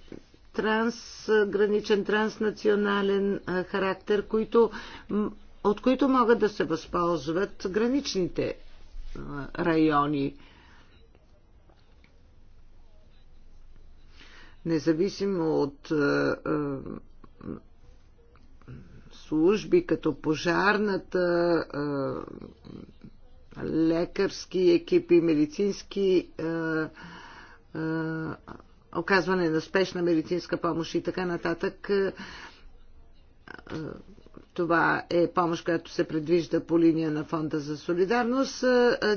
трансграничен, транснационален характер, които, от които могат да се възползват граничните райони. Независимо от служби, като пожарната, лекарски екипи, медицински оказване на спешна медицинска помощ и така нататък. Това е помощ, която се предвижда по линия на Фонда за солидарност.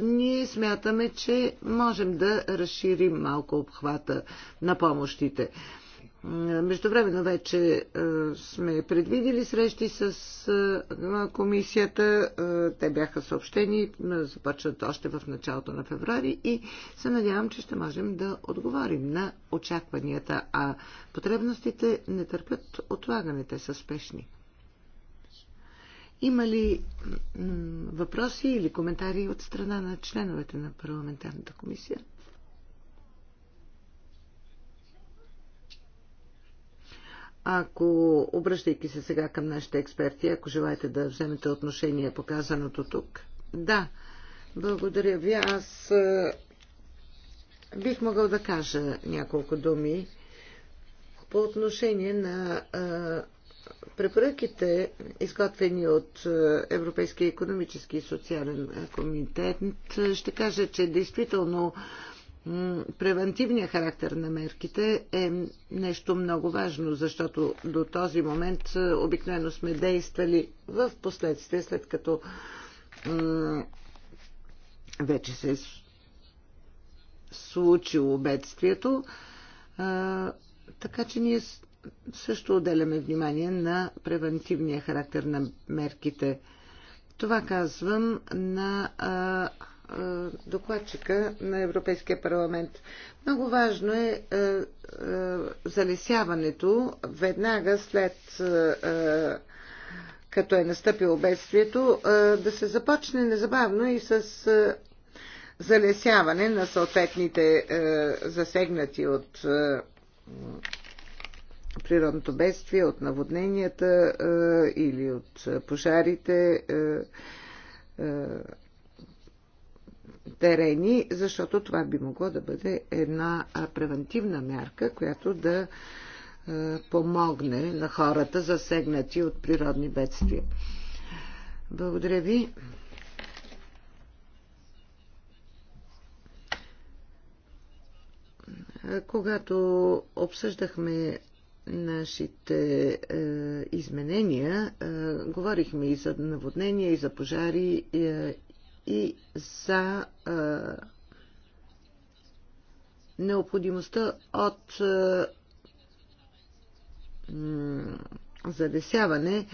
Ние смятаме, че можем да разширим малко обхвата на помощите. Междувременно вече е, сме предвидили срещи с е, комисията. Е, те бяха съобщени, започват още в началото на феврари и се надявам, че ще можем да отговорим на очакванията, а потребностите не търпят отлагане, те са спешни. Има ли въпроси или коментари от страна на членовете на парламентарната комисия? Ако, обръщайки се сега към нашите експерти, ако желаете да вземете отношение по казаното тук. Да, благодаря ви. Аз е, бих могъл да кажа няколко думи по отношение на е, препоръките, изготвени от е, Европейския економически и социален комитет. Ще кажа, че действително превентивният характер на мерките е нещо много важно, защото до този момент е, обикновено сме действали в последствие, след като вече се е случило бедствието. Е, така че ние също отделяме внимание на превентивния характер на мерките. Това казвам на е, докладчика на Европейския парламент. Много важно е, е, е залесяването веднага след като е настъпило бедствието, да се започне незабавно и с залесяване на съответните засегнати от природното бедствие, от наводненията или от пожарите терени, защото това би могло да бъде една превентивна мярка, която да помогне на хората, засегнати от природни бедствия. Благодаря ви. Когато обсъждахме нашите е, изменения, е, говорихме и за наводнения, и за пожари, и. Е, и за а, необходимостта от а, залесяване.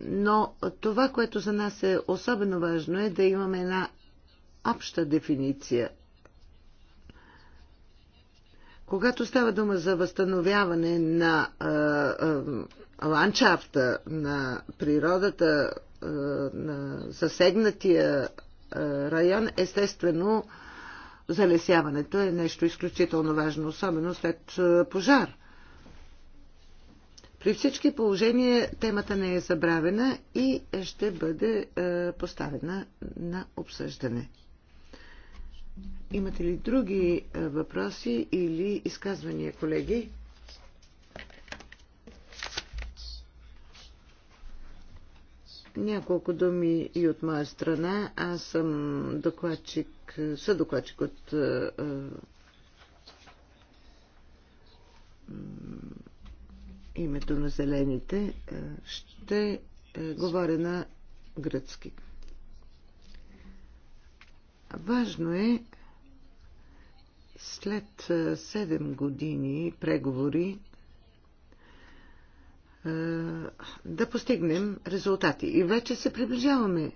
Но това, което за нас е особено важно, е да имаме една обща дефиниция. Когато става дума за възстановяване на ландшафта, на природата, е, на засегнатия е, район, естествено залесяването е нещо изключително важно, особено след е, пожар. При всички положения темата не е забравена и ще бъде поставена на обсъждане. Имате ли други въпроси или изказвания, колеги? Няколко думи и от моя страна. Аз съм докладчик, съдокладчик от е, е името на зелените. Е, ще е, говоря на гръцки. Важно е след 7 години преговори да постигнем резултати. И вече се приближаваме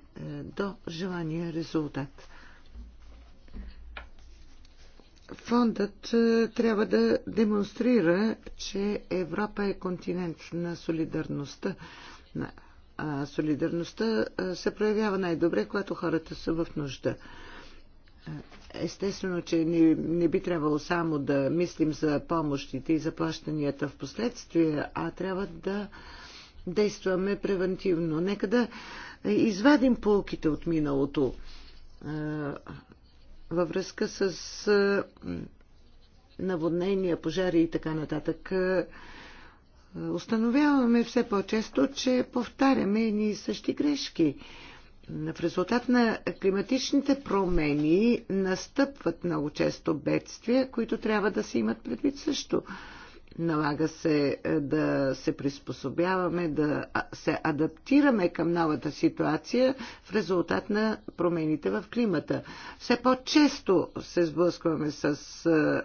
до желания резултат. Фондът трябва да демонстрира, че Европа е континент на солидарността. А солидарността се проявява най-добре, когато хората са в нужда. Естествено, че не, не би трябвало само да мислим за помощите и заплащанията в последствие, а трябва да действаме превентивно. Нека да извадим полките от миналото във връзка с наводнения, пожари и така нататък. Установяваме все по-често, че повтаряме едни и същи грешки. В резултат на климатичните промени настъпват много често бедствия, които трябва да се имат предвид също. Налага се е, да се приспособяваме, да се адаптираме към новата ситуация в резултат на промените в климата. Все по-често се сблъскваме с е,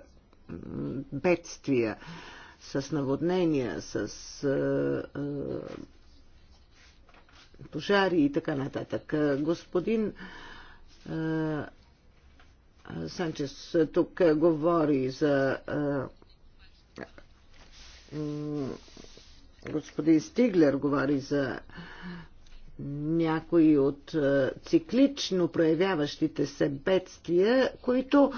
бедствия, с наводнения, с е, пожари и така нататък. Господин Санчес тук говори за господин Стиглер говори за някои от циклично проявяващите се бедствия, които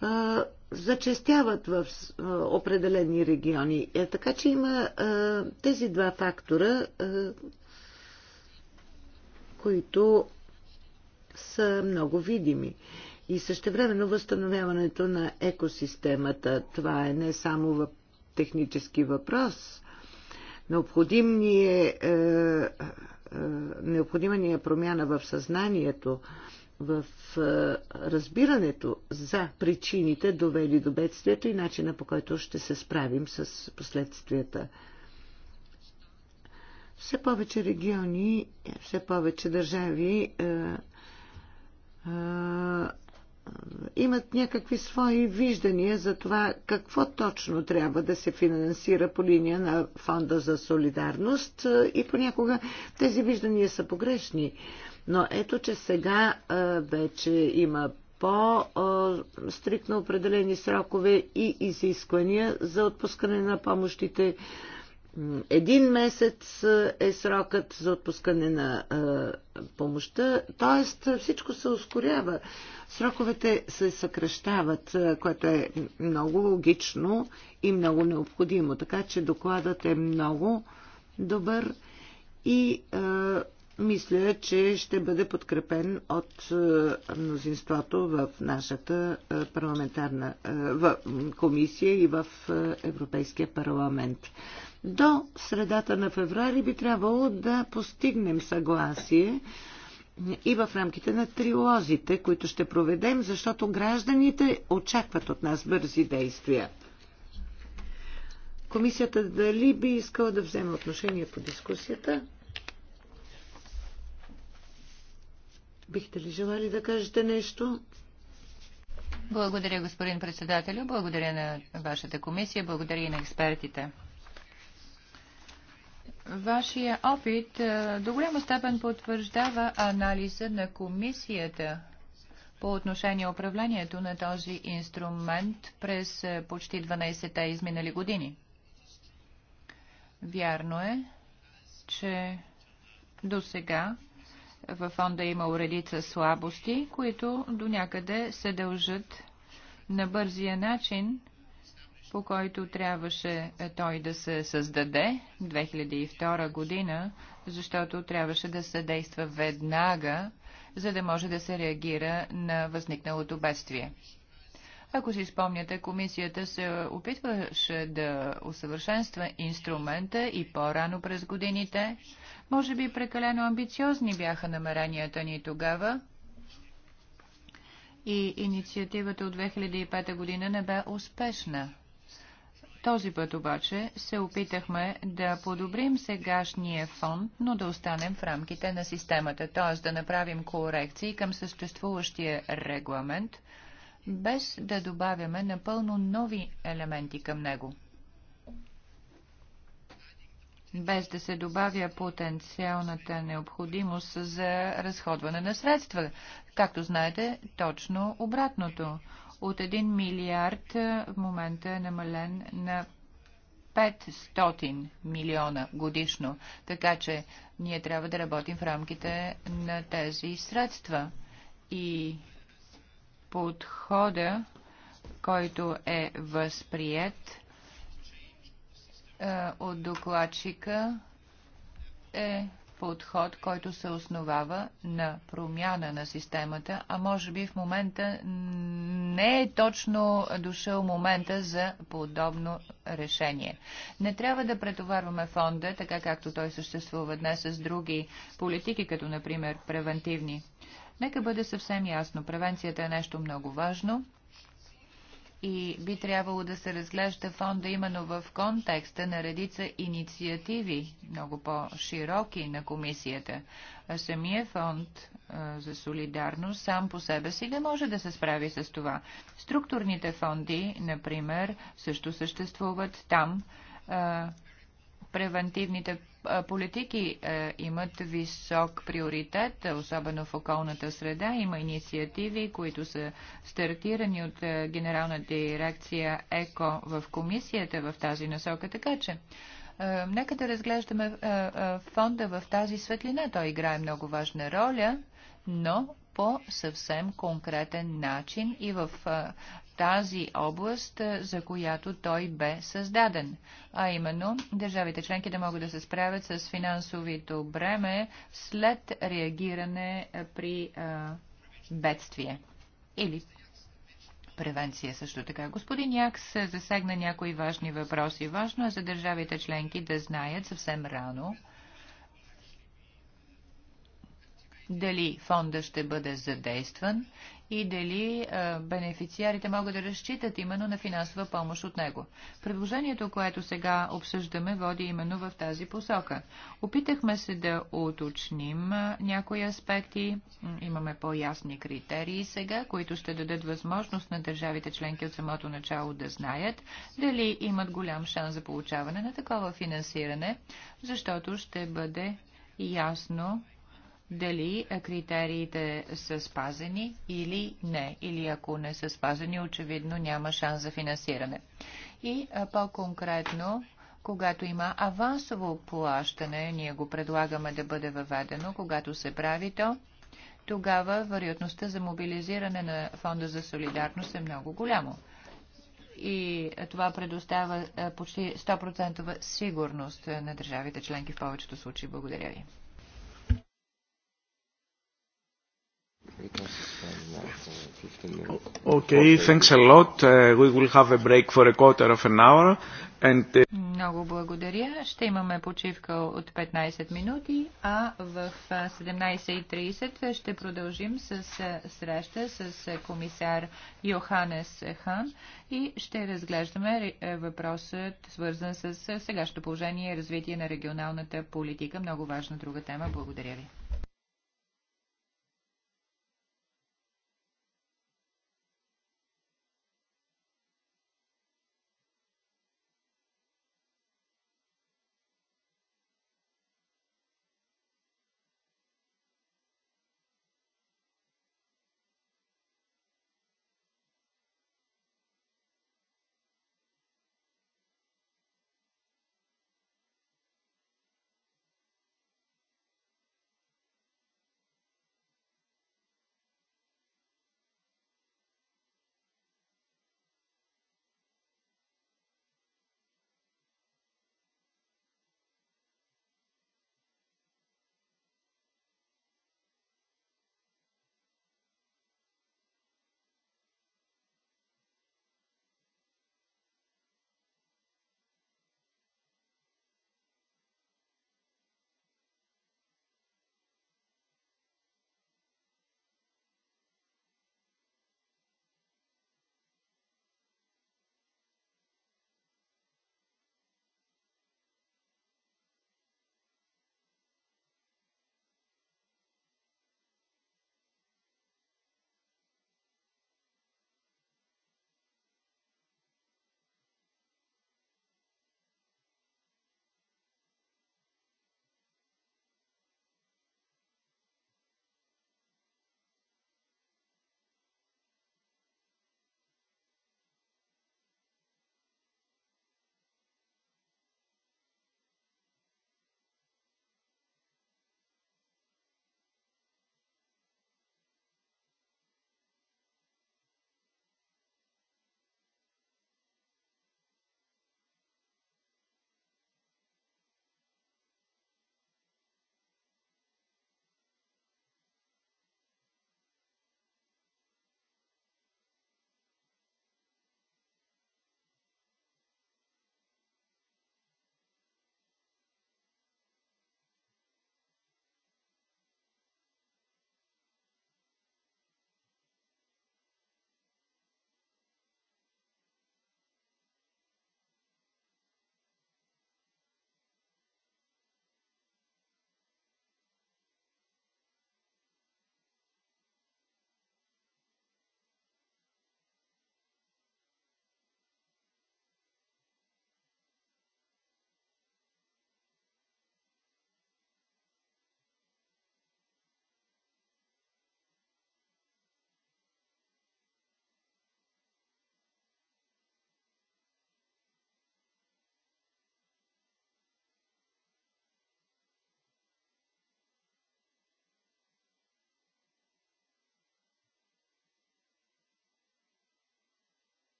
а, зачестяват в а, определени региони. Е, така че има а, тези два фактора, които са много видими. И същевременно възстановяването на екосистемата, това е не само въп... технически въпрос, необходим ни е, е, е, необходима ни е промяна в съзнанието, в е, разбирането за причините, довели до бедствието и начина по който ще се справим с последствията. Все повече региони, все повече държави е, е, имат някакви свои виждания за това какво точно трябва да се финансира по линия на Фонда за солидарност е, и понякога тези виждания са погрешни. Но ето, че сега е, вече има по-стрикно е, определени срокове и изисквания за отпускане на помощите един месец е, е срокът за отпускане на а, е, помощта, т.е. всичко се ускорява. Сроковете се съкръщават, е, което е много логично и много необходимо. Така че докладът е много добър и а, мисля, че ще бъде подкрепен от мнозинството в нашата парламентарна в комисия и в Европейския парламент. До средата на феврари би трябвало да постигнем съгласие и в рамките на трилозите, които ще проведем, защото гражданите очакват от нас бързи действия. Комисията дали би искала да вземе отношение по дискусията? Бихте ли желали да кажете нещо? Благодаря, господин председателю. Благодаря на вашата комисия. Благодаря и на експертите. Вашия опит е, до голяма степен потвърждава анализа на комисията по отношение управлението на този инструмент през е, почти 12-те изминали години. Вярно е, че до сега във фонда има уредица слабости, които до някъде се дължат на бързия начин, по който трябваше е, той да се създаде 2002 година, защото трябваше да се действа веднага, за да може да се реагира на възникналото бедствие. Ако си спомняте, комисията се опитваше да усъвършенства инструмента и по-рано през годините. Може би прекалено амбициозни бяха намеренията ни тогава и инициативата от 2005 година не бе успешна. Този път обаче се опитахме да подобрим сегашния фонд, но да останем в рамките на системата, т.е. да направим корекции към съществуващия регламент, без да добавяме напълно нови елементи към него. Без да се добавя потенциалната необходимост за разходване на средства. Както знаете, точно обратното от 1 милиард е, в момента е намален на 500 милиона годишно. Така че ние трябва да работим в рамките на тези средства. И подхода, който е възприят е, от докладчика, е подход, който се основава на промяна на системата, а може би в момента не е точно дошъл момента за подобно решение. Не трябва да претоварваме фонда, така както той съществува днес с други политики, като например превентивни. Нека бъде съвсем ясно, превенцията е нещо много важно и би трябвало да се разглежда фонда именно в контекста на редица инициативи, много по-широки на комисията. А самия фонд а, за солидарност сам по себе си не може да се справи с това. Структурните фонди, например, също съществуват там. А, превентивните политики е, имат висок приоритет, особено в околната среда. Има инициативи, които са стартирани от е, Генерална дирекция ЕКО в комисията в тази насока. Така че, е, нека да разглеждаме фонда в тази светлина. Той играе много важна роля, но по съвсем конкретен начин и в тази област, за която той бе създаден. А именно, държавите членки да могат да се справят с финансовито бреме след реагиране при а, бедствие или превенция също така. Господин Якс засегна някои важни въпроси. Важно е за държавите членки да знаят съвсем рано дали фонда ще бъде задействан и дали а, бенефициарите могат да разчитат именно на финансова помощ от него. Предложението, което сега обсъждаме, води именно в тази посока. Опитахме се да уточним някои аспекти, имаме по-ясни критерии сега, които ще дадат възможност на държавите членки от самото начало да знаят дали имат голям шанс за получаване на такова финансиране, защото ще бъде ясно дали критериите са спазени или не, или ако не са спазени, очевидно няма шанс за финансиране. И по-конкретно, когато има авансово плащане, ние го предлагаме да бъде въведено, когато се прави то, тогава вероятността за мобилизиране на Фонда за солидарност е много голямо. И това предоставя почти 100% сигурност на държавите членки в повечето случаи. Благодаря ви. Okay, thanks a lot. Uh, we will have a break for a quarter of an hour. And... Uh, Много благодаря. Ще имаме почивка от 15 минути, а в 17.30 ще продължим с среща с комисар Йоханес Хан и ще разглеждаме въпросът, свързан с сегашното положение и развитие на регионалната политика. Много важна друга тема. Благодаря ви.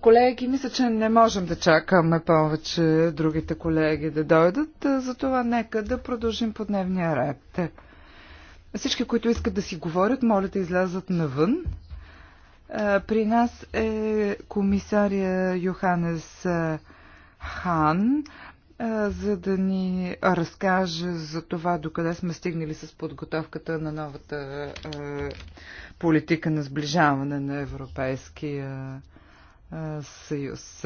Колеги, мисля, че не можем да чакаме повече другите колеги да дойдат, затова нека да продължим по дневния ред. Всички, които искат да си говорят, моля да излязат навън. При нас е комисария Йоханес Хан за да ни разкаже за това докъде сме стигнали с подготовката на новата политика на сближаване на Европейския съюз.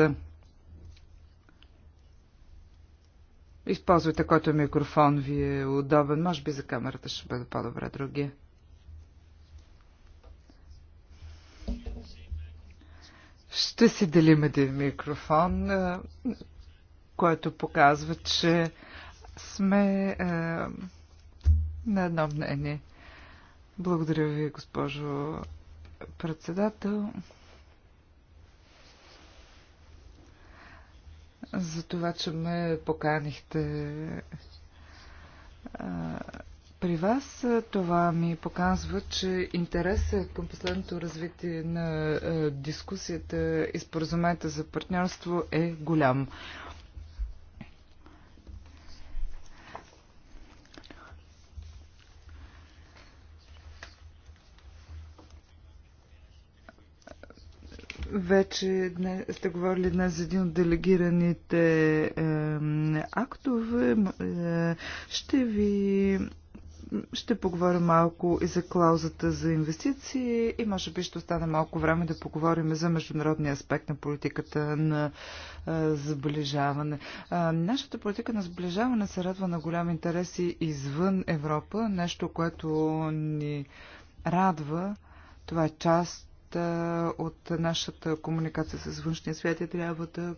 Използвайте който микрофон ви е удобен. Може би за камерата ще бъде по-добре другия. Ще си делим един микрофон което показва, че сме е, на едно мнение. Благодаря ви, госпожо председател. за това, че ме поканихте е, при вас. Това ми показва, че интересът е към последното развитие на е, дискусията и споразумението за партньорство е голям. Вече днес, сте говорили днес за един от делегираните е, актове. Е, ще ви ще поговорим малко и за клаузата за инвестиции и може би ще остане малко време да поговорим за международния аспект на политиката на а, е, сближаване. Е, нашата политика на сближаване се радва на голям интерес и извън Европа, нещо, което ни радва. Това е част от нашата комуникация с външния свят и трябва да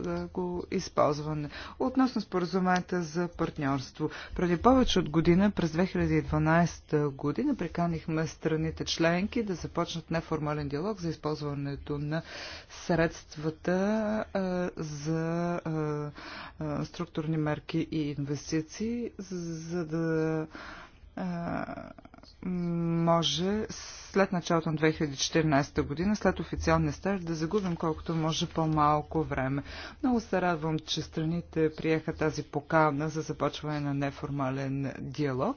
да го използваме. Относно споразумента за партньорство. Преди повече от година, през 2012 година, приканихме страните членки да започнат неформален диалог за използването на средствата за структурни мерки и инвестиции, за да може след началото на 2014 година, след официалния старт, да загубим колкото може по-малко време. Много се радвам, че страните приеха тази покана за започване на неформален диалог.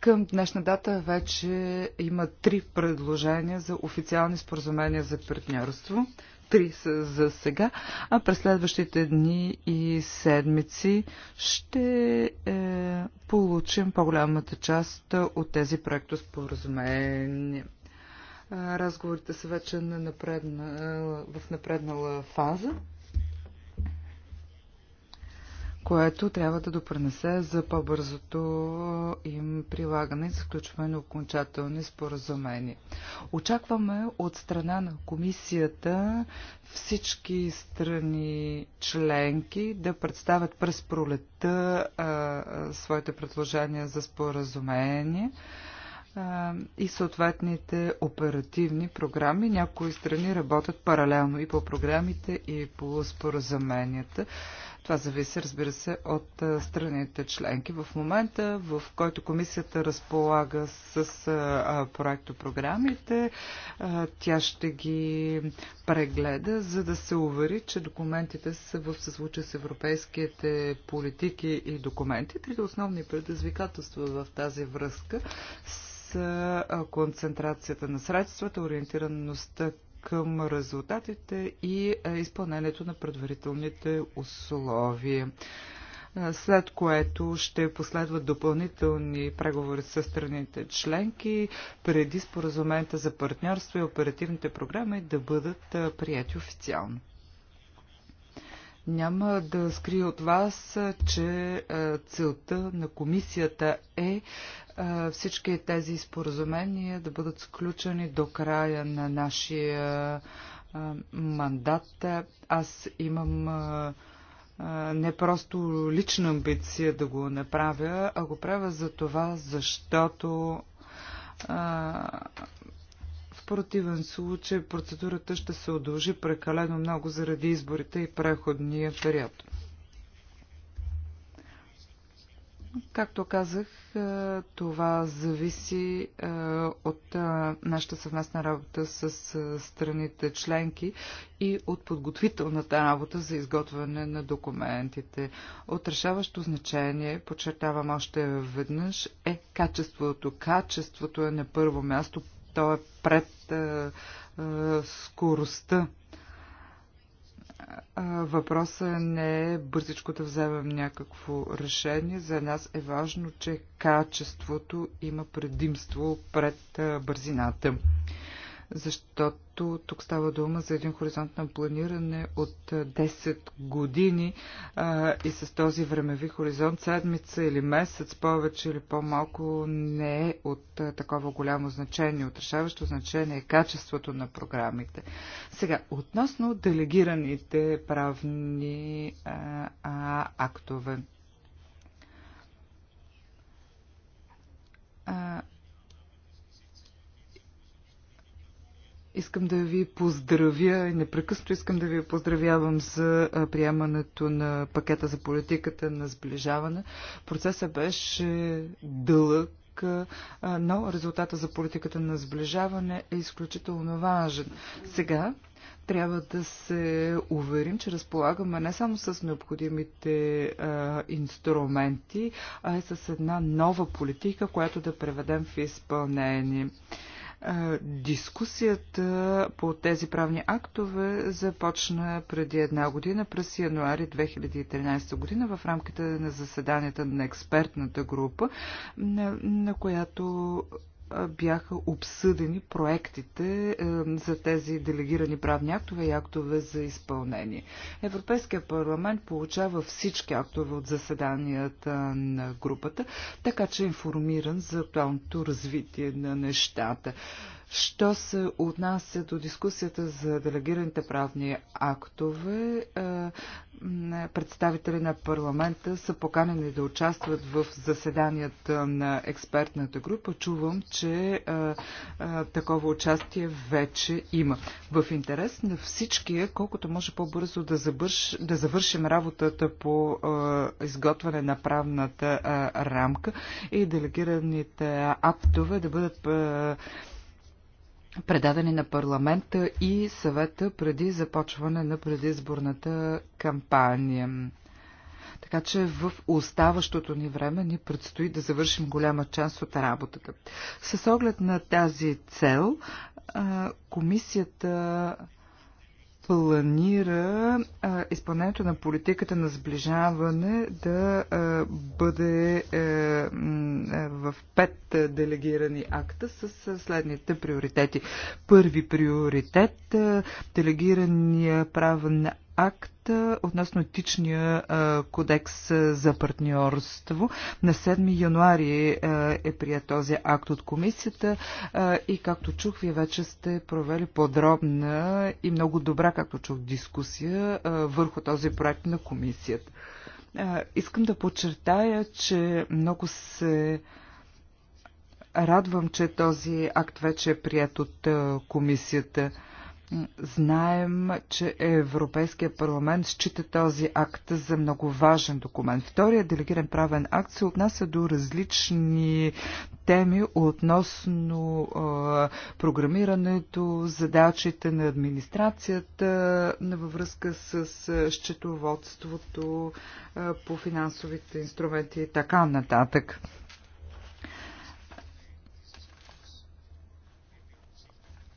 Към днешна дата вече има три предложения за официални споразумения за партньорство три са за сега, а през следващите дни и седмици ще е, получим по-голямата част от тези проектоспоразумения. Разговорите са вече на напредна, в напреднала фаза което трябва да допренесе за по-бързото им прилагане и заключване на окончателни споразумения. Очакваме от страна на комисията всички страни членки да представят през пролетта а, а, своите предложения за споразумение и съответните оперативни програми. Някои страни работят паралелно и по програмите, и по споразуменията. Това зависи, разбира се, от страните членки. В момента, в който комисията разполага с проектопрограмите, тя ще ги прегледа, за да се увери, че документите са в съзвучие с европейските политики и документи. Трите основни предизвикателства в тази връзка с концентрацията на средствата, ориентираността към резултатите и е, изпълнението на предварителните условия е, след което ще последват допълнителни преговори с страните членки, преди споразумента за партньорство и оперативните програми да бъдат е, прияти официално. Няма да скрия от вас, че целта на комисията е всички тези споразумения да бъдат сключени до края на нашия мандат. Аз имам не просто лична амбиция да го направя, а го правя за това, защото в противен случай процедурата ще се удължи прекалено много заради изборите и преходния период. Както казах, е, това зависи е, от е, нашата съвместна работа с страните членки и от подготвителната работа за изготвяне на документите. От решаващо значение, подчертавам още веднъж, е качеството. Качеството е на първо място, то е пред скоростта. Въпросът е не е бързичко да вземем някакво решение. За нас е важно, че качеството има предимство пред бързината защото тук става дума за един хоризонт на планиране от 10 години а, и с този времеви хоризонт седмица или месец повече или по-малко не е от а, такова голямо значение. От решаващо значение е качеството на програмите. Сега, относно делегираните правни а, а, актове. А, Искам да ви поздравя и непрекъснато искам да ви поздравявам за приемането на пакета за политиката на сближаване. Процесът беше дълъг, но резултата за политиката на сближаване е изключително важен. Сега трябва да се уверим, че разполагаме не само с необходимите а, инструменти, а и с една нова политика, която да преведем в изпълнение. Дискусията по тези правни актове започна преди една година, през януари 2013 година, в рамките на заседанията на експертната група, на, на която бяха обсъдени проектите е, за тези делегирани правни актове и актове за изпълнение. Европейския парламент получава всички актове от заседанията на групата, така че е информиран за актуалното развитие на нещата. Що се отнася до дискусията за делегираните правни актове, е, представители на парламента са поканени да участват в заседанията на експертната група. Чувам, че е, е, такова участие вече има. В интерес на всички е колкото може по-бързо да, забърш, да завършим работата по изготвяне на правната рамка и делегираните актове да бъдат предадени на парламента и съвета преди започване на предизборната кампания. Така че в оставащото ни време ни предстои да завършим голяма част от работата. С оглед на тази цел, комисията планира а, изпълнението на политиката на сближаване да а, бъде а, е, в пет делегирани акта с следните приоритети. Първи приоритет а, делегирания правен акт съвета относно етичния кодекс за партньорство. На 7 януари е прият този акт от комисията и както чух, вие вече сте провели подробна и много добра, както чух, дискусия върху този проект на комисията. Искам да подчертая, че много се радвам, че този акт вече е прият от комисията. Знаем, че Европейския парламент счита този акт за много важен документ. Втория делегиран правен акт се отнася до различни теми относно а, програмирането, задачите на администрацията във връзка с счетоводството по финансовите инструменти и така нататък.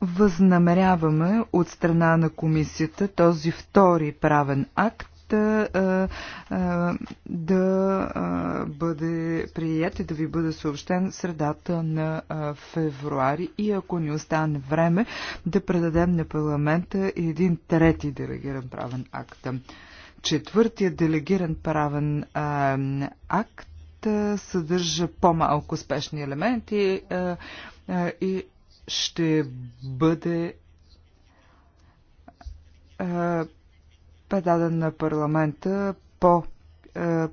възнамеряваме от страна на комисията този втори правен акт да, да бъде прият и да ви бъде съобщен средата на февруари и ако ни остане време да предадем на парламента един трети делегиран правен акт. Четвъртият делегиран правен акт съдържа по-малко спешни елементи и ще бъде предаден на парламента по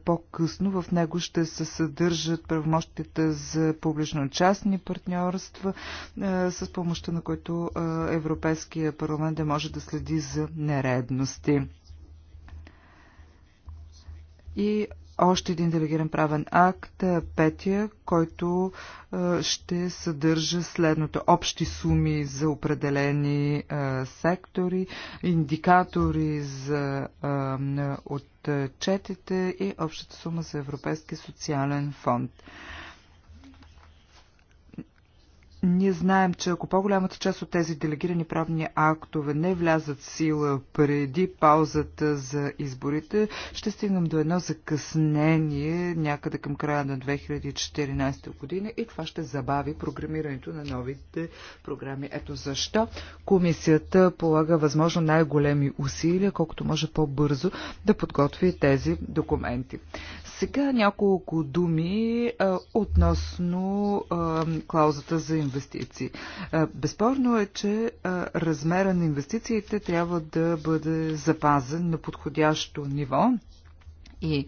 по-късно в него ще се съдържат правомощите за публично-частни партньорства, с помощта на които Европейския парламент да може да следи за нередности. И още един делегиран правен акт, е петия, който е, ще съдържа следното. Общи суми за определени е, сектори, индикатори за отчетите и общата сума за Европейски социален фонд. Ние знаем, че ако по-голямата част от тези делегирани правни актове не влязат в сила преди паузата за изборите, ще стигнем до едно закъснение някъде към края на 2014 година и това ще забави програмирането на новите програми. Ето защо комисията полага възможно най-големи усилия, колкото може по-бързо да подготви тези документи. Сега няколко думи а, относно а, клаузата за инвестиция инвестиции. Безспорно е, че размера на инвестициите трябва да бъде запазен на подходящо ниво и,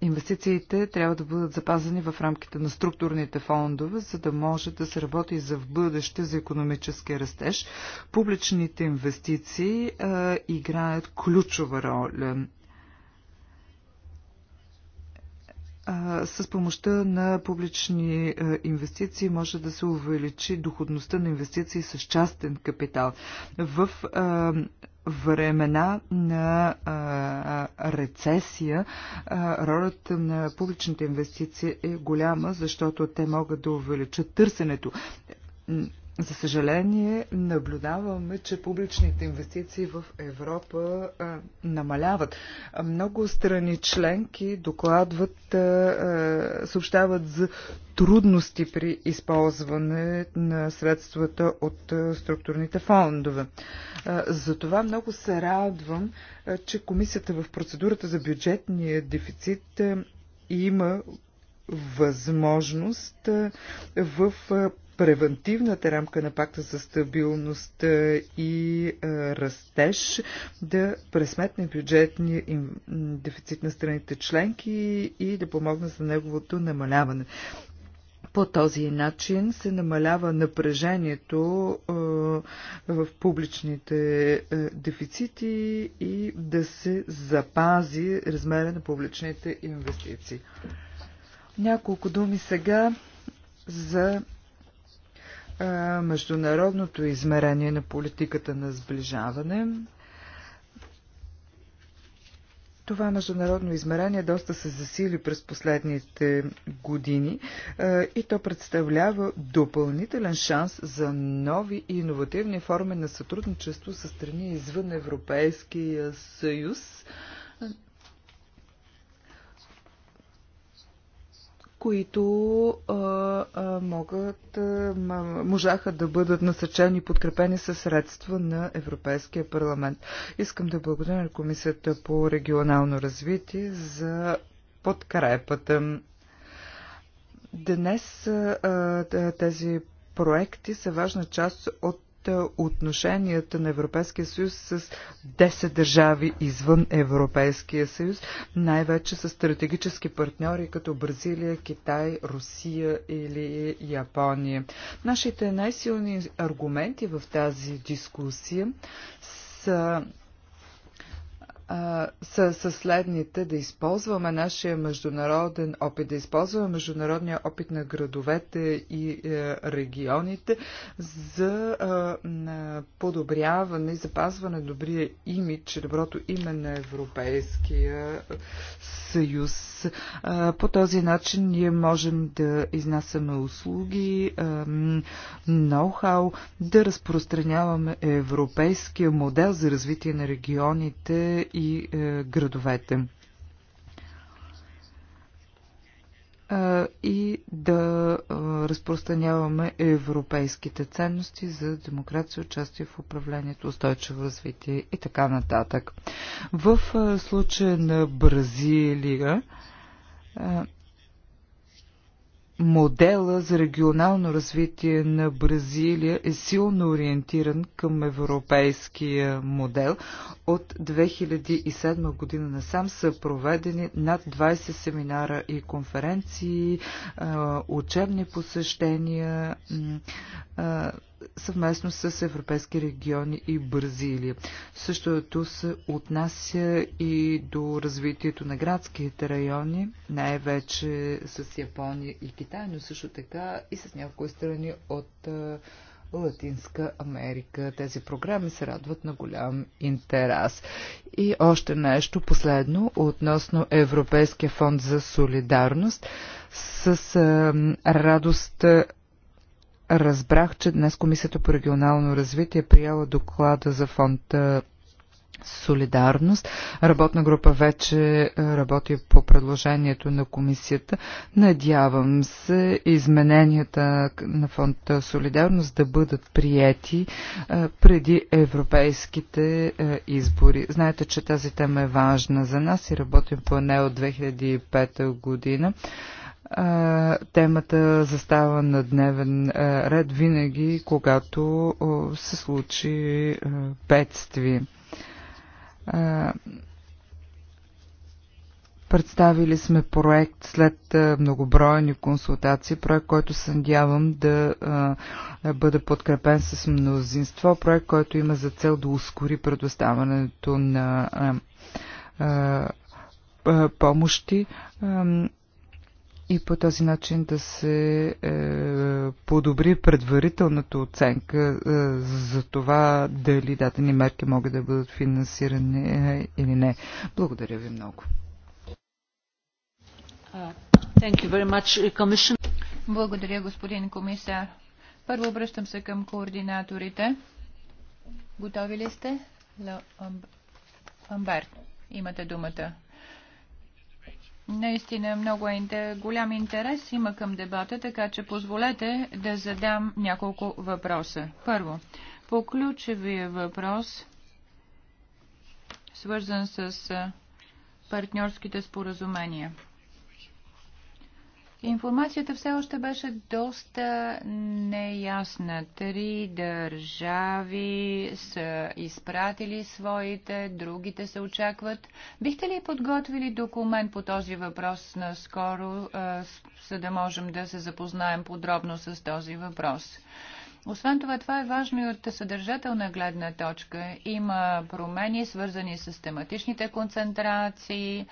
инвестициите трябва да бъдат запазени в рамките на структурните фондове, за да може да се работи за в бъдеще за економически растеж. Публичните инвестиции а, играят ключова роля с помощта на публични инвестиции може да се увеличи доходността на инвестиции с частен капитал. В времена на а, рецесия а, ролята на публичните инвестиции е голяма, защото те могат да увеличат търсенето за съжаление, наблюдаваме, че публичните инвестиции в Европа а, намаляват. Много страни членки докладват, а, а, съобщават за трудности при използване на средствата от а, структурните фондове. А, затова много се радвам, а, че комисията в процедурата за бюджетния дефицит а, има възможност в превентивната рамка на пакта за стабилност и растеж да пресметне бюджетния дефицит на страните членки и да помогне за неговото намаляване. По този начин се намалява напрежението в публичните дефицити и да се запази размера на публичните инвестиции. Няколко думи сега за международното измерение на политиката на сближаване. Това международно измерение доста се засили през последните години и то представлява допълнителен шанс за нови и иновативни форми на сътрудничество с страни извън Европейския съюз които а, а, могат, а, можаха да бъдат насъчени и подкрепени със средства на Европейския парламент. Искам да благодаря на Комисията по регионално развитие за подкрепата. Днес а, тези проекти са важна част от отношенията на Европейския съюз с 10 държави извън Европейския съюз, най-вече с стратегически партньори като Бразилия, Китай, Русия или Япония. Нашите най-силни аргументи в тази дискусия са са, са следните да използваме нашия международен опит, да използваме международния опит на градовете и е, регионите за е, подобряване и запазване на добрия имидж, доброто име на Европейския съюз. Е, по този начин ние можем да изнасяме услуги, е, ноу-хау, да разпространяваме европейския модел за развитие на регионите и е, градовете. Е, и да е, разпространяваме европейските ценности за демокрация, участие в управлението, устойчиво развитие и така нататък. В случая на Бразилия модела за регионално развитие на Бразилия е силно ориентиран към европейския модел. От 2007 година насам са проведени над 20 семинара и конференции, учебни посещения, съвместно с Европейски региони и Бразилия. Същото се отнася и до развитието на градските райони, най-вече с Япония и Китай, но също така и с някои страни от Латинска Америка. Тези програми се радват на голям интерес. И още нещо последно относно Европейския фонд за солидарност. С радост Разбрах, че днес Комисията по регионално развитие приела доклада за фонд солидарност. Работна група вече е, работи по предложението на комисията. Надявам се измененията на фонд солидарност да бъдат приети е, преди европейските е, избори. Знаете, че тази тема е важна за нас и работим по нея от 2005 година темата застава на дневен ред винаги, когато се случи бедстви. Представили сме проект след многобройни консултации, проект, който се надявам да бъде подкрепен с мнозинство, проект, който има за цел да ускори предоставането на помощи и по този начин да се е, подобри предварителната оценка е, за това дали дадени мерки могат да бъдат финансирани е, или не. Благодаря ви много. Uh, much, Благодаря, господин комисар. Първо обръщам се към координаторите. Готови ли сте? Ламбард, имате думата. Наистина много е голям интерес има към дебата, така че позволете да задам няколко въпроса. Първо, по ключевия въпрос, свързан с партньорските споразумения – Информацията все още беше доста неясна. Три държави са изпратили своите, другите се очакват. Бихте ли подготвили документ по този въпрос наскоро, за да можем да се запознаем подробно с този въпрос? Освен това, това е важно и от съдържателна гледна точка. Има промени, свързани с тематичните концентрации, е,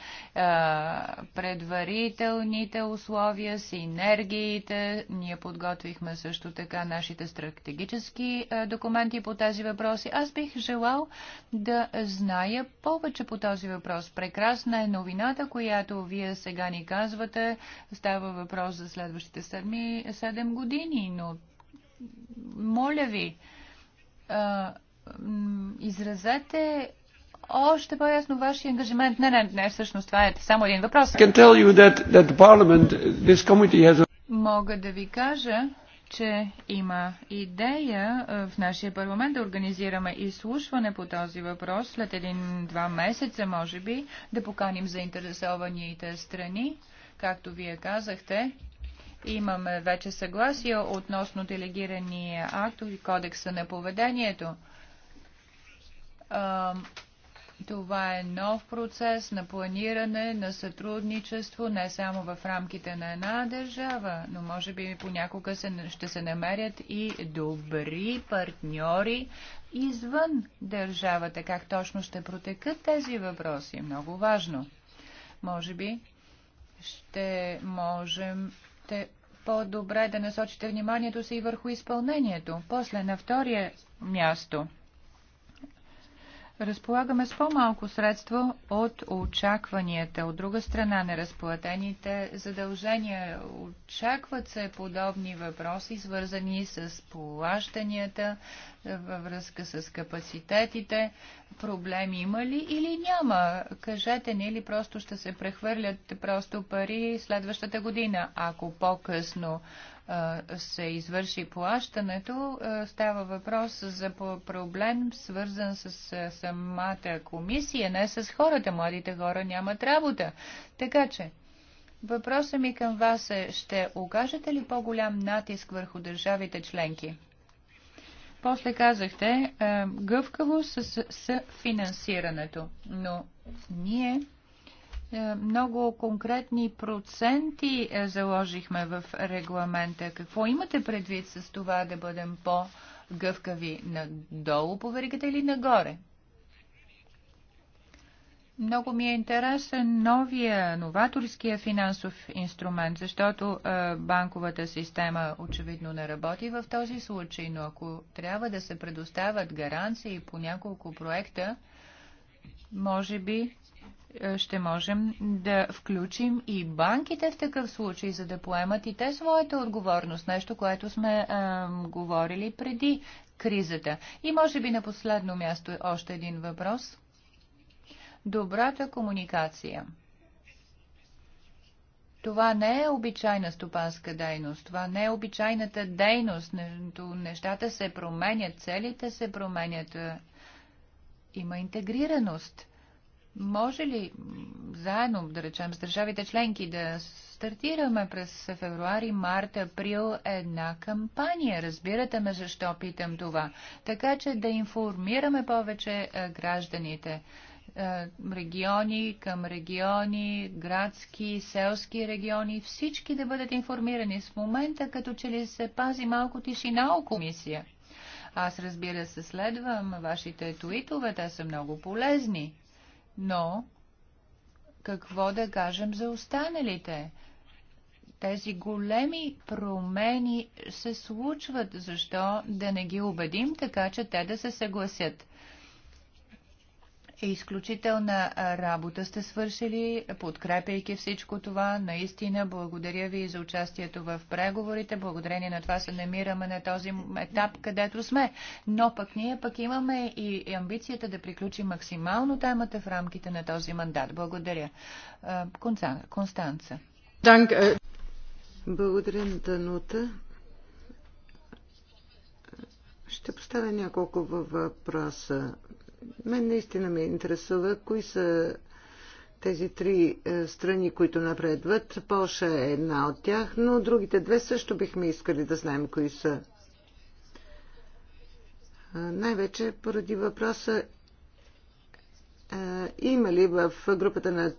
предварителните условия, синергиите. Ние подготвихме също така нашите стратегически е, документи по тези въпроси. Аз бих желал да зная повече по този въпрос. Прекрасна е новината, която вие сега ни казвате. Става въпрос за следващите 7 години, но моля ви, изразете още по-ясно вашия ангажимент. Не, не, не, всъщност това е само един въпрос. That, that a... Мога да ви кажа, че има идея в нашия парламент да организираме изслушване по този въпрос след един-два месеца, може би, да поканим заинтересованите страни, както вие казахте Имаме вече съгласие относно делегирания акт и кодекса на поведението. Това е нов процес на планиране, на сътрудничество, не само в рамките на една държава, но може би понякога се, ще се намерят и добри партньори извън държавата. Как точно ще протекат тези въпроси? Е много важно. Може би ще можем ще по-добре да насочите вниманието си и върху изпълнението. После на втория място – разполагаме с по-малко средства от очакванията. От друга страна, неразплатените задължения. Очакват се подобни въпроси, свързани с плащанията, във връзка с капацитетите. проблеми има ли или няма? Кажете ни или просто ще се прехвърлят просто пари следващата година, ако по-късно се извърши плащането, става въпрос за проблем, свързан с самата комисия, не с хората. Младите хора нямат работа. Така че, въпросът ми към вас е, ще окажете ли по-голям натиск върху държавите членки? После казахте, гъвкаво с, с финансирането, но ние е, много конкретни проценти е, заложихме в регламента. Какво имате предвид с това да бъдем по-гъвкави? Надолу по веригата или нагоре? Много ми е интересен новия, новаторския финансов инструмент, защото е, банковата система очевидно не работи в този случай, но ако трябва да се предоставят гаранции по няколко проекта, може би е, ще можем да включим и банките в такъв случай, за да поемат и те своята отговорност, нещо, което сме а, говорили преди кризата. И може би на последно място е още един въпрос. Добрата комуникация. Това не е обичайна стопанска дейност, това не е обичайната дейност. Нещата се променят, целите се променят. Има интегрираност може ли заедно, да речем, с държавите членки да стартираме през февруари, март, април една кампания? Разбирате ме защо питам това. Така че да информираме повече е, гражданите е, региони към региони, градски, селски региони, всички да бъдат информирани. С момента като че ли се пази малко тишина около комисия? Аз разбира се следвам вашите туитове, те са много полезни. Но какво да кажем за останалите? Тези големи промени се случват. Защо да не ги убедим така, че те да се съгласят? е изключителна работа сте свършили, подкрепяйки всичко това. Наистина, благодаря ви за участието в преговорите. Благодарение на това се намираме на този етап, където сме. Но пък ние пък имаме и амбицията да приключим максимално темата в рамките на този мандат. Благодаря. Констанца. Е. Благодаря, Данута. Ще поставя няколко въпроса. Мен наистина ме интересува кои са тези три е, страни, които напредват. Полша е една от тях, но другите две също бихме искали да знаем кои са. Най-вече поради въпроса е, има ли в групата на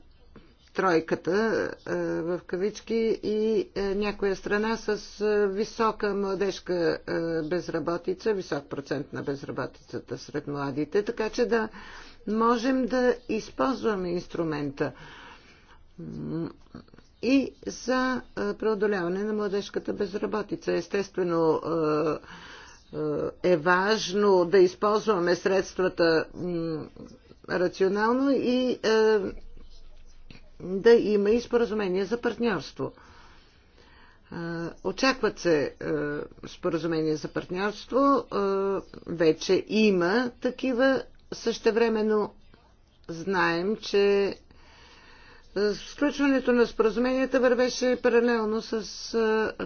тройката в кавички и някоя страна с висока младежка безработица, висок процент на безработицата сред младите, така че да можем да използваме инструмента и за преодоляване на младежката безработица. Естествено, е важно да използваме средствата рационално и да има и споразумение за партньорство. Очакват се споразумения за партньорство. Вече има такива. Същевременно знаем, че Сключването на споразуменията вървеше паралелно с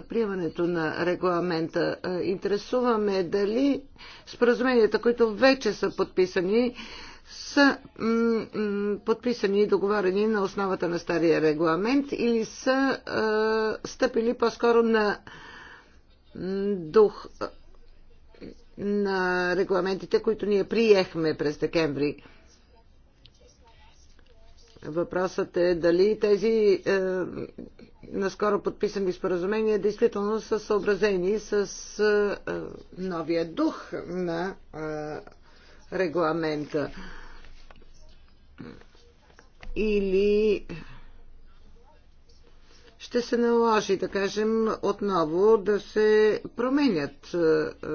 приемането на регламента. Интересуваме дали споразуменията, които вече са подписани, са подписани и договорени на основата на стария регламент или са а, стъпили по-скоро на дух на регламентите, които ние приехме през декември. Въпросът е дали тези е, наскоро подписани споразумения действително са съобразени с е, новия дух на е, регламента. Е, или ще се наложи, да кажем, отново да се променят е, е,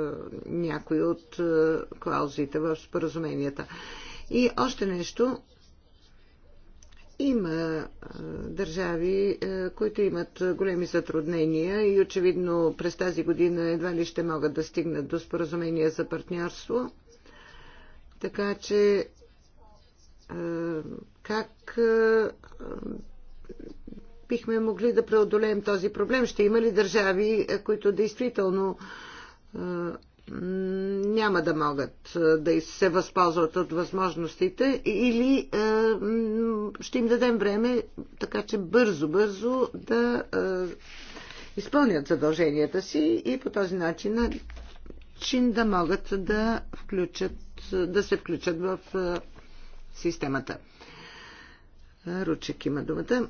някои от е, клаузите в споразуменията. И още нещо. Има държави, които имат големи затруднения и очевидно през тази година едва ли ще могат да стигнат до споразумения за партньорство. Така че е, как е, бихме могли да преодолеем този проблем? Ще има ли държави, е, които действително няма да могат да се възползват от възможностите или ще им дадем време, така че бързо-бързо да изпълнят задълженията си и по този начин чин да могат да, включат, да се включат в системата. Ручек има думата.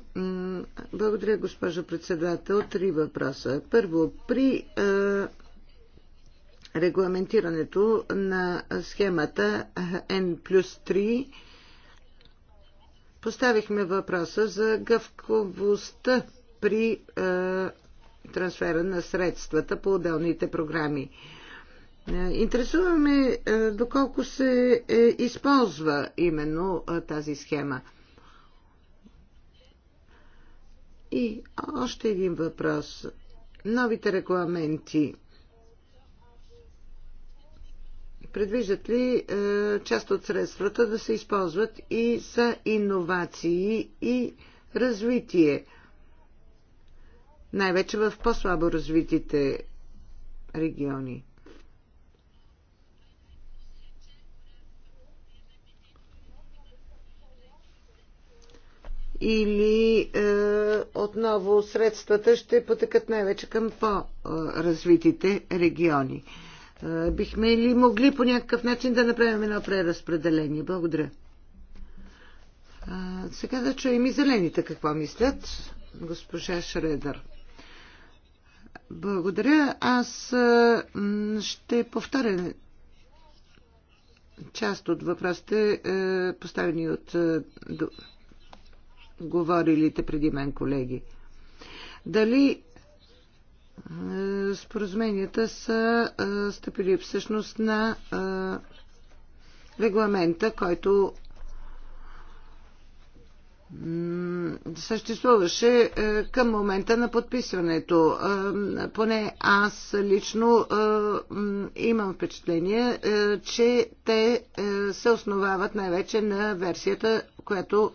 Благодаря, госпожо председател. Три въпроса. Първо, при е, регламентирането на схемата N плюс 3 поставихме въпроса за гъвковостта при е, трансфера на средствата по отделните програми. Е, е, Интересува ме е, доколко се е, използва именно тази схема. И още един въпрос. Новите регламенти предвиждат ли е, част от средствата да се използват и за иновации и развитие? Най-вече в по-слабо развитите региони. или е, отново средствата ще потъкат най-вече към по-развитите региони. Е, бихме ли могли по някакъв начин да направим едно преразпределение? Благодаря. Е, сега да чуем и зелените какво мислят. Госпожа Шредър. Благодаря. Аз е, ще повторя част от въпросите, е, поставени от. Е, говорилите преди мен колеги. Дали е, споразуменията са е, стъпили всъщност на е, регламента, който съществуваше към момента на подписването. Поне аз лично имам впечатление, че те се основават най-вече на версията, която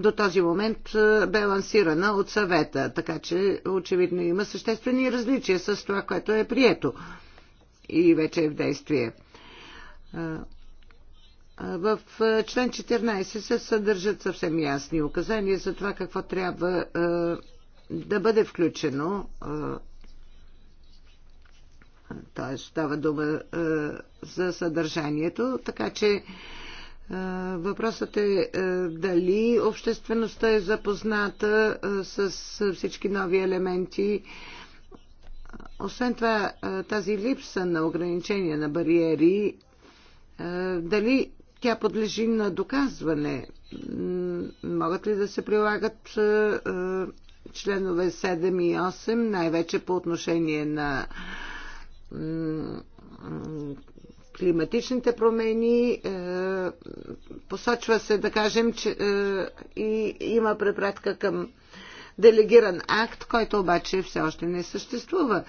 до този момент е, бе лансирана от съвета, така че очевидно има съществени различия с това, което е прието и вече е в действие. Е, в е, член 14 се съдържат съвсем ясни указания за това какво трябва да бъде включено. Т.е. става дума за съдържанието, така че Въпросът е, е дали обществеността е запозната е, с всички нови елементи. Освен това, е, тази липса на ограничения на бариери, дали тя подлежи на доказване? Могат ли да се прилагат членове 7 и 8, най-вече по отношение на климатичните промени. Е, посочва се, да кажем, че е, и има препратка към делегиран акт, който обаче все още не съществува.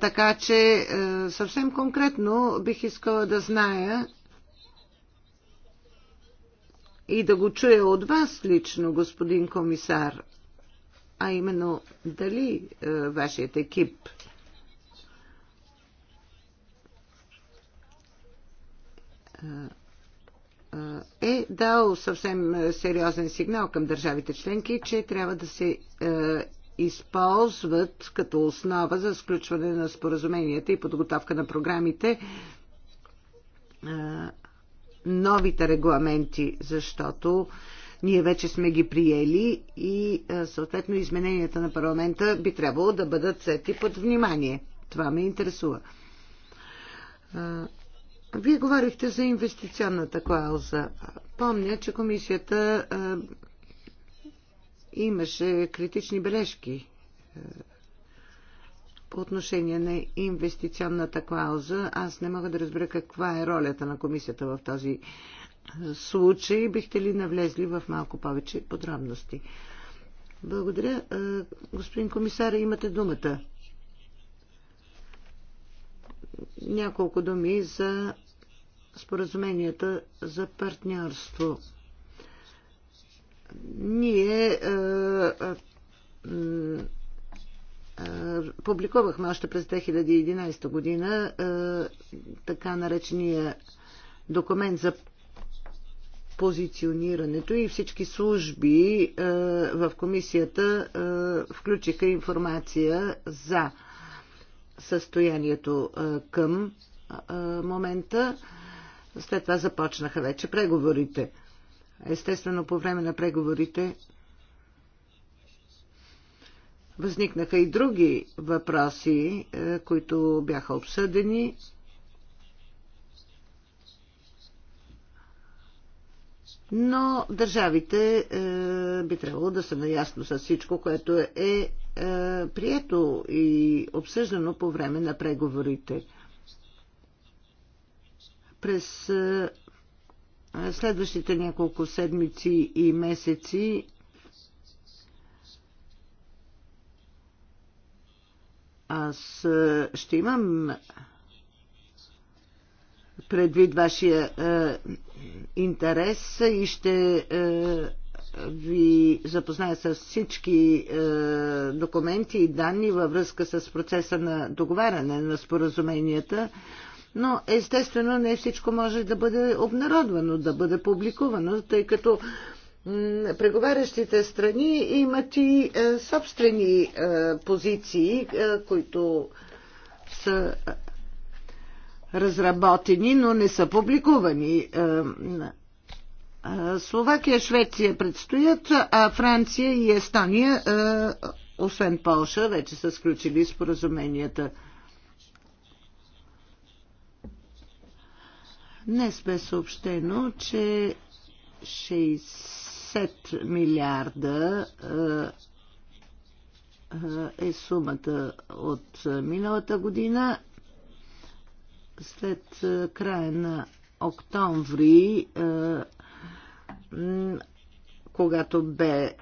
Така че е, съвсем конкретно бих искала да зная и да го чуя от вас лично, господин комисар, а именно дали вашият екип е дал съвсем е, сериозен сигнал към държавите членки, че трябва да се е, използват като основа за сключване на споразуменията и подготовка на програмите е, новите регламенти, защото ние вече сме ги приели и съответно измененията на парламента би трябвало да бъдат сети под внимание. Това ме интересува. Вие говорихте за инвестиционната клауза. Помня, че комисията а, имаше критични бележки а, по отношение на инвестиционната клауза. Аз не мога да разбера каква е ролята на комисията в този случай. Бихте ли навлезли в малко повече подробности? Благодаря. А, господин комисар, имате думата няколко думи за споразуменията за партньорство. Ние е, е, е, публикувахме още през 2011 година така наречения документ за позиционирането и всички служби в комисията включиха информация за състоянието към момента. След това започнаха вече преговорите. Естествено, по време на преговорите възникнаха и други въпроси, е, които бяха обсъдени. Но държавите е, би трябвало да са наясно с всичко, което е, е прието и обсъждано по време на преговорите. През следващите няколко седмици и месеци аз ще имам предвид вашия е, интерес и ще е, ви запозная с всички е, документи и данни във връзка с процеса на договаряне на споразуменията но естествено не всичко може да бъде обнародвано, да бъде публикувано, тъй като преговарящите страни имат и е, собствени е, позиции, е, които са е, разработени, но не са публикувани. Е, е, Словакия, Швеция предстоят, а Франция и Естония, освен Полша, вече са сключили споразуменията. Днес бе съобщено, че 60 милиарда е, е сумата от миналата година. След е, края на октомври, е, когато бе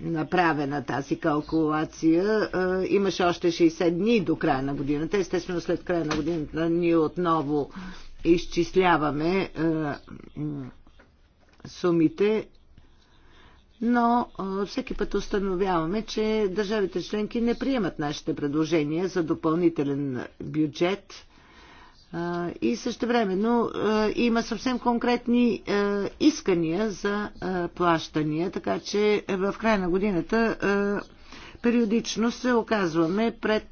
направена тази калкулация. Имаше още 60 дни до края на годината. Естествено, след края на годината ние отново изчисляваме сумите, но всеки път установяваме, че държавите членки не приемат нашите предложения за допълнителен бюджет – и също времено има съвсем конкретни искания за плащания, така че в края на годината периодично се оказваме пред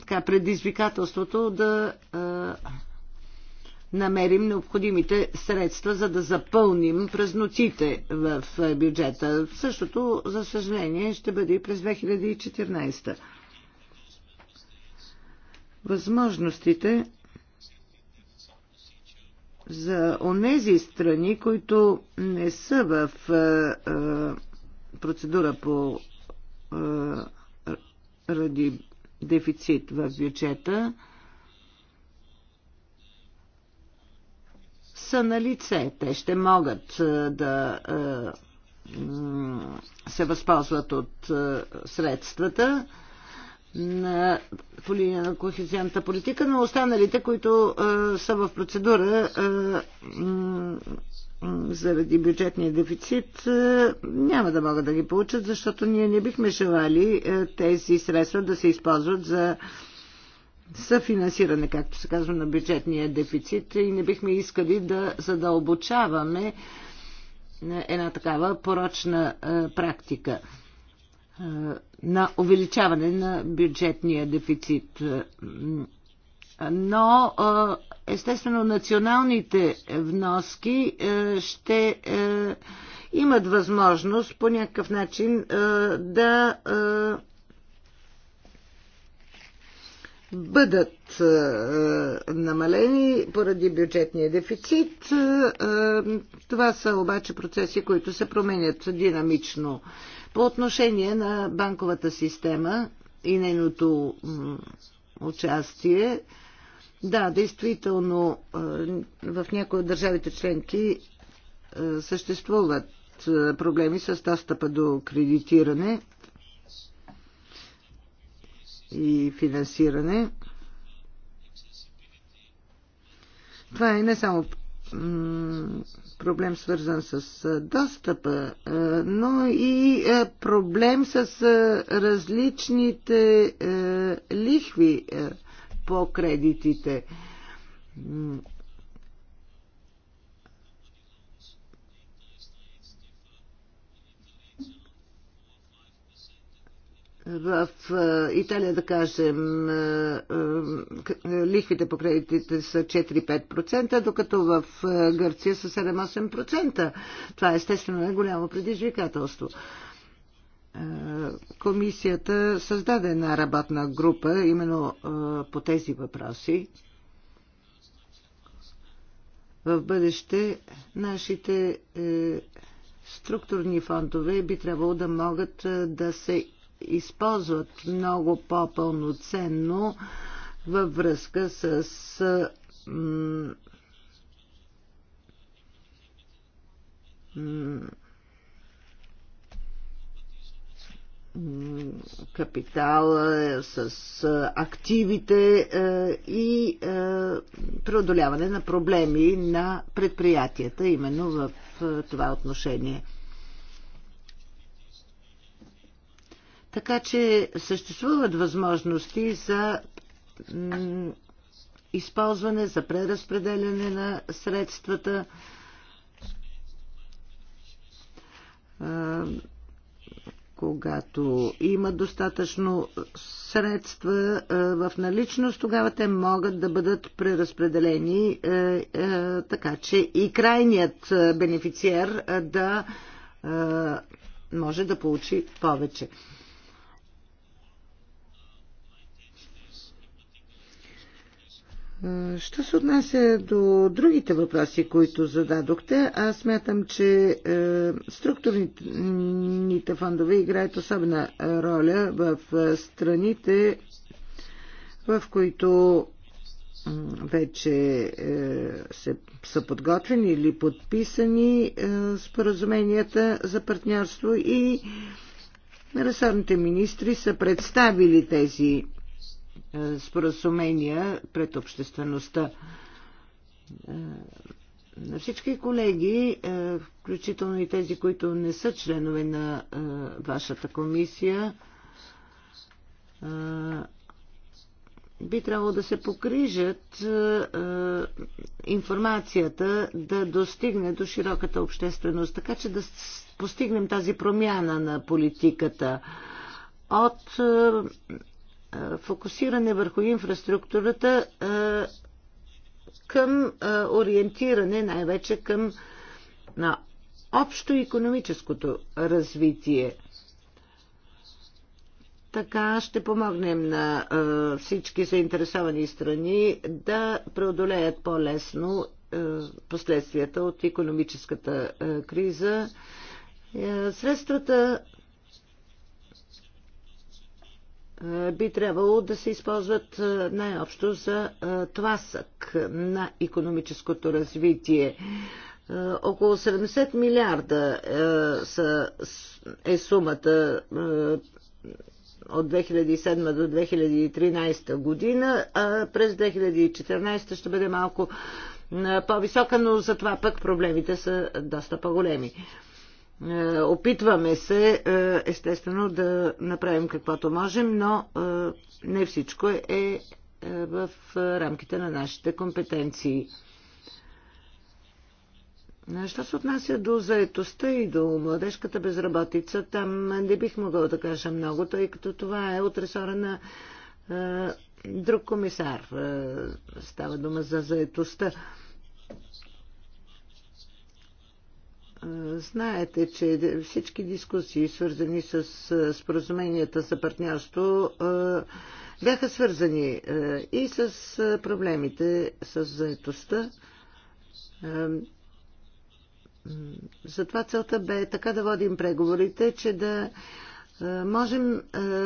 така, предизвикателството да намерим необходимите средства, за да запълним празнотите в бюджета. Същото, за съжаление, ще бъде и през 2014 възможностите за онези страни, които не са в е, е, процедура по е, ради дефицит в бюджета, са на лице. Те ще могат да се възползват от средствата на, по линия на кохезионната политика, но останалите, които а, са в процедура а, заради бюджетния дефицит, а, няма да могат да ги получат, защото ние не бихме желали а, тези средства да се използват за съфинансиране, както се казва, на бюджетния дефицит и не бихме искали да задълбочаваме една такава порочна а, практика на увеличаване на бюджетния дефицит. Но естествено националните вноски ще имат възможност по някакъв начин да бъдат намалени поради бюджетния дефицит. Това са обаче процеси, които се променят динамично. По отношение на банковата система и нейното участие, да, действително в някои от държавите членки съществуват проблеми с достъпа до кредитиране и финансиране. Това е не само проблем свързан с достъпа, но и проблем с различните лихви по кредитите. в Италия, да кажем, лихвите по кредитите са 4-5%, докато в Гърция са 7-8%. Това е, естествено е голямо предизвикателство. Комисията създаде една работна група именно по тези въпроси. В бъдеще нашите е, структурни фондове би трябвало да могат да се използват много по-пълноценно във връзка с капитала, с активите е, и е, преодоляване на проблеми на предприятията именно в е, това отношение. Така че съществуват възможности за използване, за преразпределяне на средствата. Когато има достатъчно средства в наличност, тогава те могат да бъдат преразпределени, е, е, така че и крайният е, бенефициер да може да получи повече. Е, що се отнася до другите въпроси, които зададохте, аз смятам, че е, структурните фондове играят особена роля в е, страните, в които вече се, са подготвени или подписани споразуменията за партньорство и ресорните министри са представили тези е, споразумения пред обществеността. Е, на всички колеги, е, включително и тези, които не са членове на вашата комисия, би трябвало да се покрижат информацията да достигне до широката общественост, така че да постигнем тази промяна на политиката от фокусиране върху инфраструктурата към ориентиране най-вече към на общо економическото развитие. Така ще помогнем на всички заинтересовани страни да преодолеят по-лесно последствията от економическата криза. средствата е, би трябвало да се използват е, най-общо за е, тласък на економическото развитие. Около 70 милиарда е сумата от 2007 до 2013 година, а през 2014 ще бъде малко по-висока, но затова пък проблемите са доста по-големи. Е, опитваме се, е, естествено, да направим каквото можем, но е, не всичко е в рамките на нашите компетенции. Що се отнася до заетостта и до младежката безработица, там не бих могъл да кажа много, тъй като това е от ресора на друг комисар. става дума за заетостта. Знаете, че всички дискусии, свързани с споразуменията за партньорство, бяха свързани и с проблемите с заетостта. Затова целта бе така да водим преговорите, че да можем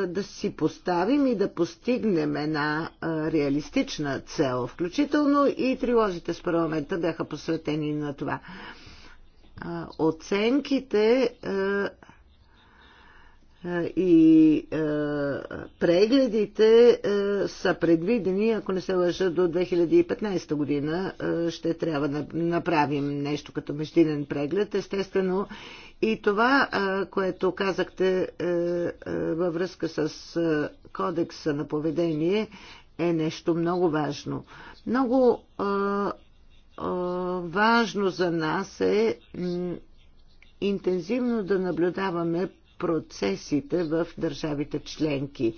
да си поставим и да постигнем една реалистична цел. Включително и трилозите с парламента бяха посветени на това оценките и прегледите са предвидени, ако не се лъжа, до 2015 година ще трябва да направим нещо като междинен преглед. Естествено и това, което казахте във връзка с кодекса на поведение е нещо много важно. Много важно за нас е интензивно да наблюдаваме процесите в държавите членки.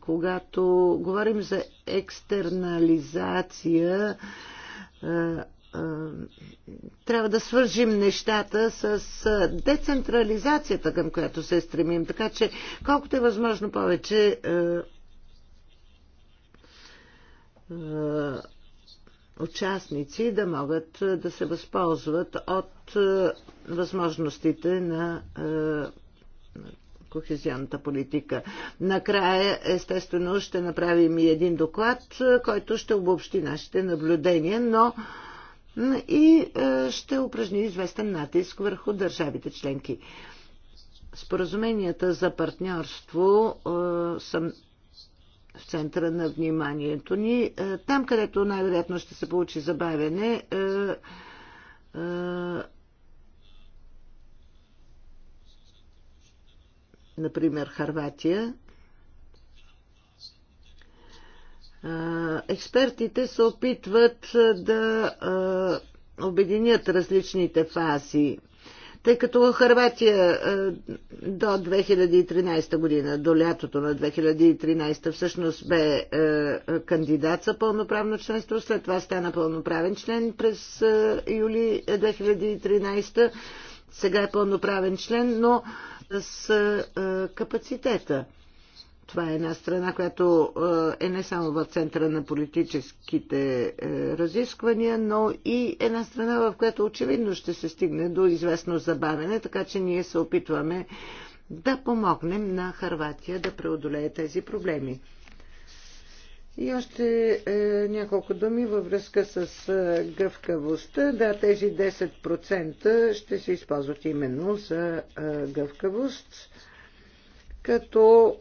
Когато говорим за екстернализация, трябва да свържим нещата с децентрализацията, към която се стремим. Така че, колкото е възможно повече участници да могат е, да се възползват от е, възможностите е, на кохезионната политика. Накрая, естествено, ще направим и един доклад, който ще обобщи нашите наблюдения, но и ще упражни известен натиск върху държавите членки. Споразуменията за партньорство са в центъра на вниманието ни. Е, там, където най-вероятно ще се получи забавяне, е, е, например Харватия, експертите се опитват да обединят различните фази тъй като Харватия е, до 2013 година, до лятото на 2013 всъщност бе е, кандидат за пълноправно членство, след това стана пълноправен член през е, юли 2013, сега е пълноправен член, но с капацитета това е една страна, която е, е не само в центъра на политическите е, разисквания, но и една страна, в която очевидно ще се стигне до известно забавене, така че ние се опитваме да помогнем на Харватия да преодолее тези проблеми. И още е, няколко думи във връзка с е, гъвкавостта. Да, тези 10% ще се използват именно за е, гъвкавост като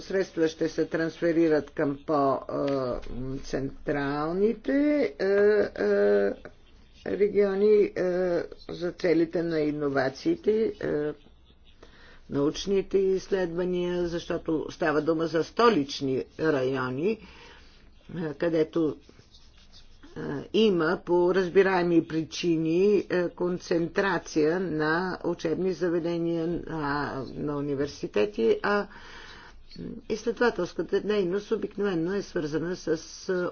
средства ще се трансферират към по-централните региони за целите на иновациите, научните изследвания, защото става дума за столични райони, където има по разбираеми причини концентрация на учебни заведения на, на университети, а изследователската дейност обикновено е свързана с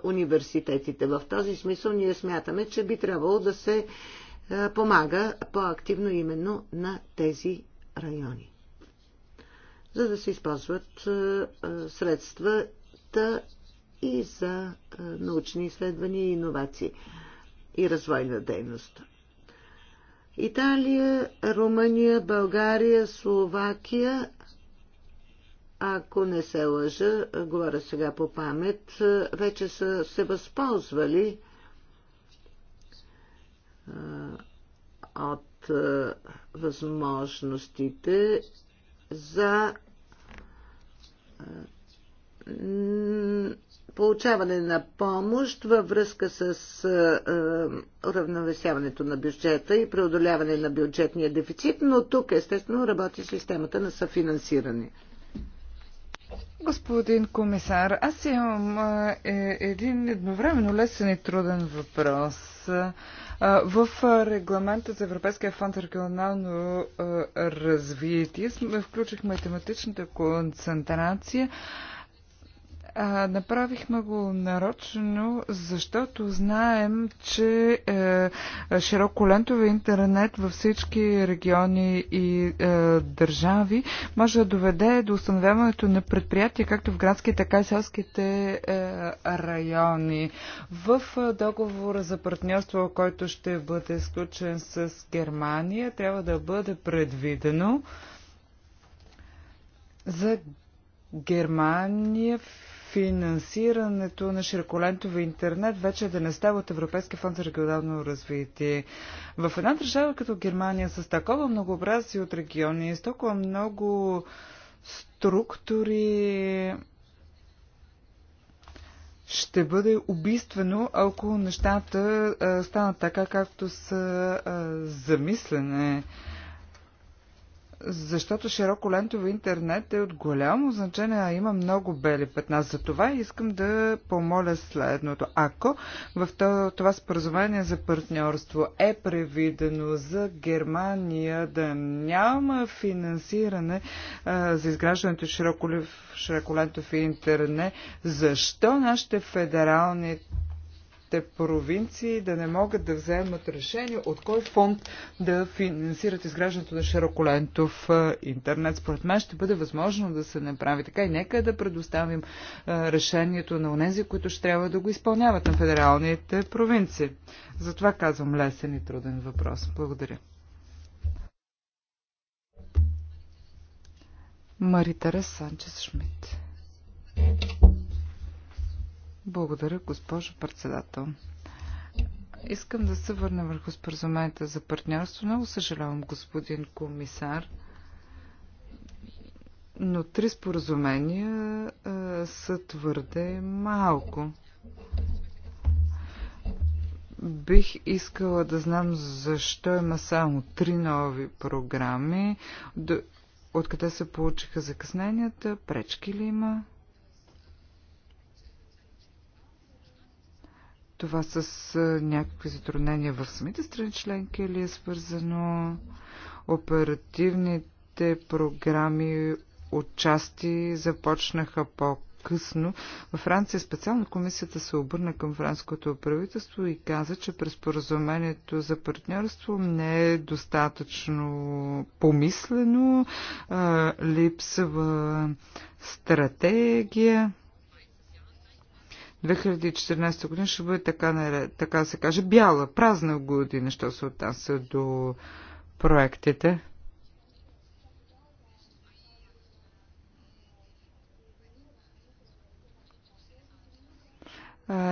университетите. В този смисъл ние смятаме, че би трябвало да се помага по-активно именно на тези райони, за да се използват средствата и за научни изследвания и иновации и развойна дейност. Италия, Румъния, България, Словакия, ако не се лъжа, говоря сега по памет, вече са се възползвали от възможностите за получаване на помощ във връзка с уравновесяването на бюджета и преодоляване на бюджетния дефицит, но тук естествено работи системата на съфинансиране. Господин комисар, аз имам е, един едновременно лесен и труден въпрос. В регламента за Европейския фонд за регионално развитие включихме тематичната концентрация а, направихме го нарочно, защото знаем, че е, широколентови интернет във всички региони и е, държави може да доведе до установяването на предприятия, както в градски, така и селските е, райони. В е, договора за партньорство, който ще бъде сключен с Германия, трябва да бъде предвидено за Германия финансирането на широколентови интернет вече да не става от Европейския фонд за регионално развитие. В една държава като Германия с такова многообразие от региони, с толкова много структури, ще бъде убийствено, ако нещата а, станат така, както са а, замислене защото широко широколентови интернет е от голямо значение, а има много бели петна. За това искам да помоля следното. Ако в това споразумение за партньорство е превидено за Германия да няма финансиране а, за изграждането широко лентови интернет, защо нашите федерални отделните провинции да не могат да вземат решение от кой фонд да финансират изграждането на широколентов интернет. Според мен ще бъде възможно да се направи така и нека да предоставим решението на онези, които ще трябва да го изпълняват на федералните провинции. Затова казвам лесен и труден въпрос. Благодаря. Марита Санчес Шмидт. Благодаря, госпожо председател. Искам да се върна върху споразумението за партньорство. Много съжалявам, господин комисар, но три споразумения а, са твърде малко. Бих искала да знам защо има само три нови програми. Откъде се получиха закъсненията? Пречки ли има? това с някакви затруднения в самите страни членки или е свързано оперативните програми отчасти започнаха по-късно. Във Франция специално комисията се обърна към франското правителство и каза, че през поразумението за партньорство не е достатъчно помислено, липсва стратегия. 2014 година ще бъде така, така се каже бяла, празна година, що се отнася до проектите.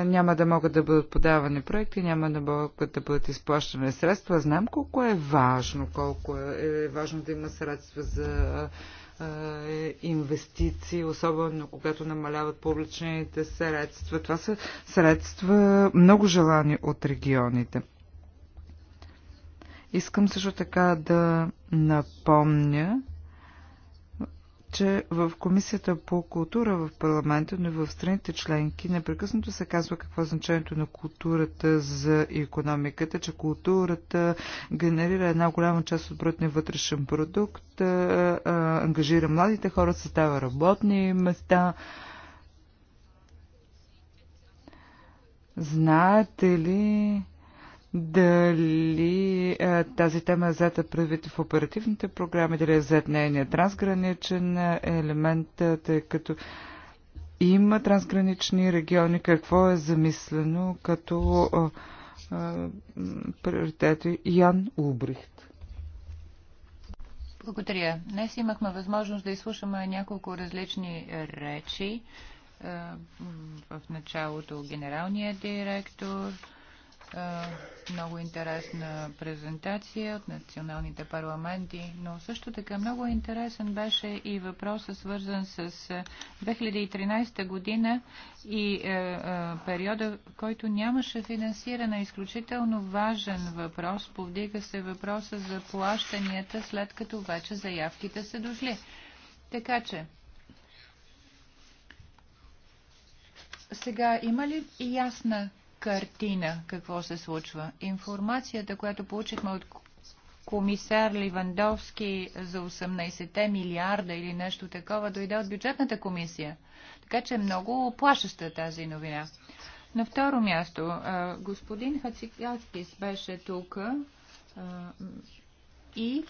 няма да могат да бъдат подавани проекти, няма да могат да бъдат изплащани средства. Знам колко е важно, колко е, е важно да има средства за е, инвестиции, особено когато намаляват публичните средства. Това са средства много желани от регионите. Искам също така да напомня, че в Комисията по култура в парламента, но и в страните членки непрекъснато се казва какво е значението на културата за економиката, че културата генерира една голяма част от брутния вътрешен продукт, ангажира младите хора, създава работни места. Знаете ли, дали а, е, тази тема е взета предвид в оперативните програми, дали е взет нейният трансграничен е, елемент, е, тъй като има трансгранични региони, какво е замислено като приоритети Ян Убрихт. Благодаря. Днес имахме възможност да изслушаме няколко различни речи. В началото генералния директор, много интересна презентация от националните парламенти, но също така много интересен беше и въпросът свързан с 2013 година и е, е, периода, който нямаше финансиране. Изключително важен въпрос. Повдига се въпроса за плащанията, след като вече заявките са дошли. Така че, сега има ли ясна картина какво се случва. Информацията, която получихме от комисар Ливандовски за 18-те милиарда или нещо такова, дойде от бюджетната комисия. Така че е много плашеща тази новина. На второ място, господин Хацикаскис беше тук и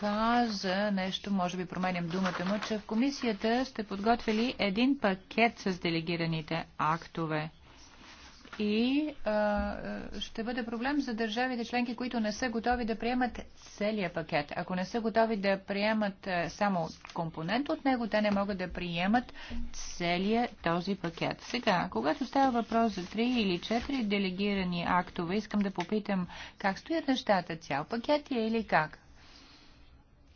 каза нещо, може би променям думата му, че в комисията сте подготвили един пакет с делегираните актове. И а, ще бъде проблем за държавите членки, които не са готови да приемат целият пакет. Ако не са готови да приемат само компонент от него, те не могат да приемат целият този пакет. Сега, когато става въпрос за 3 или 4 делегирани актове, искам да попитам как стоят нещата. Цял пакет е или как?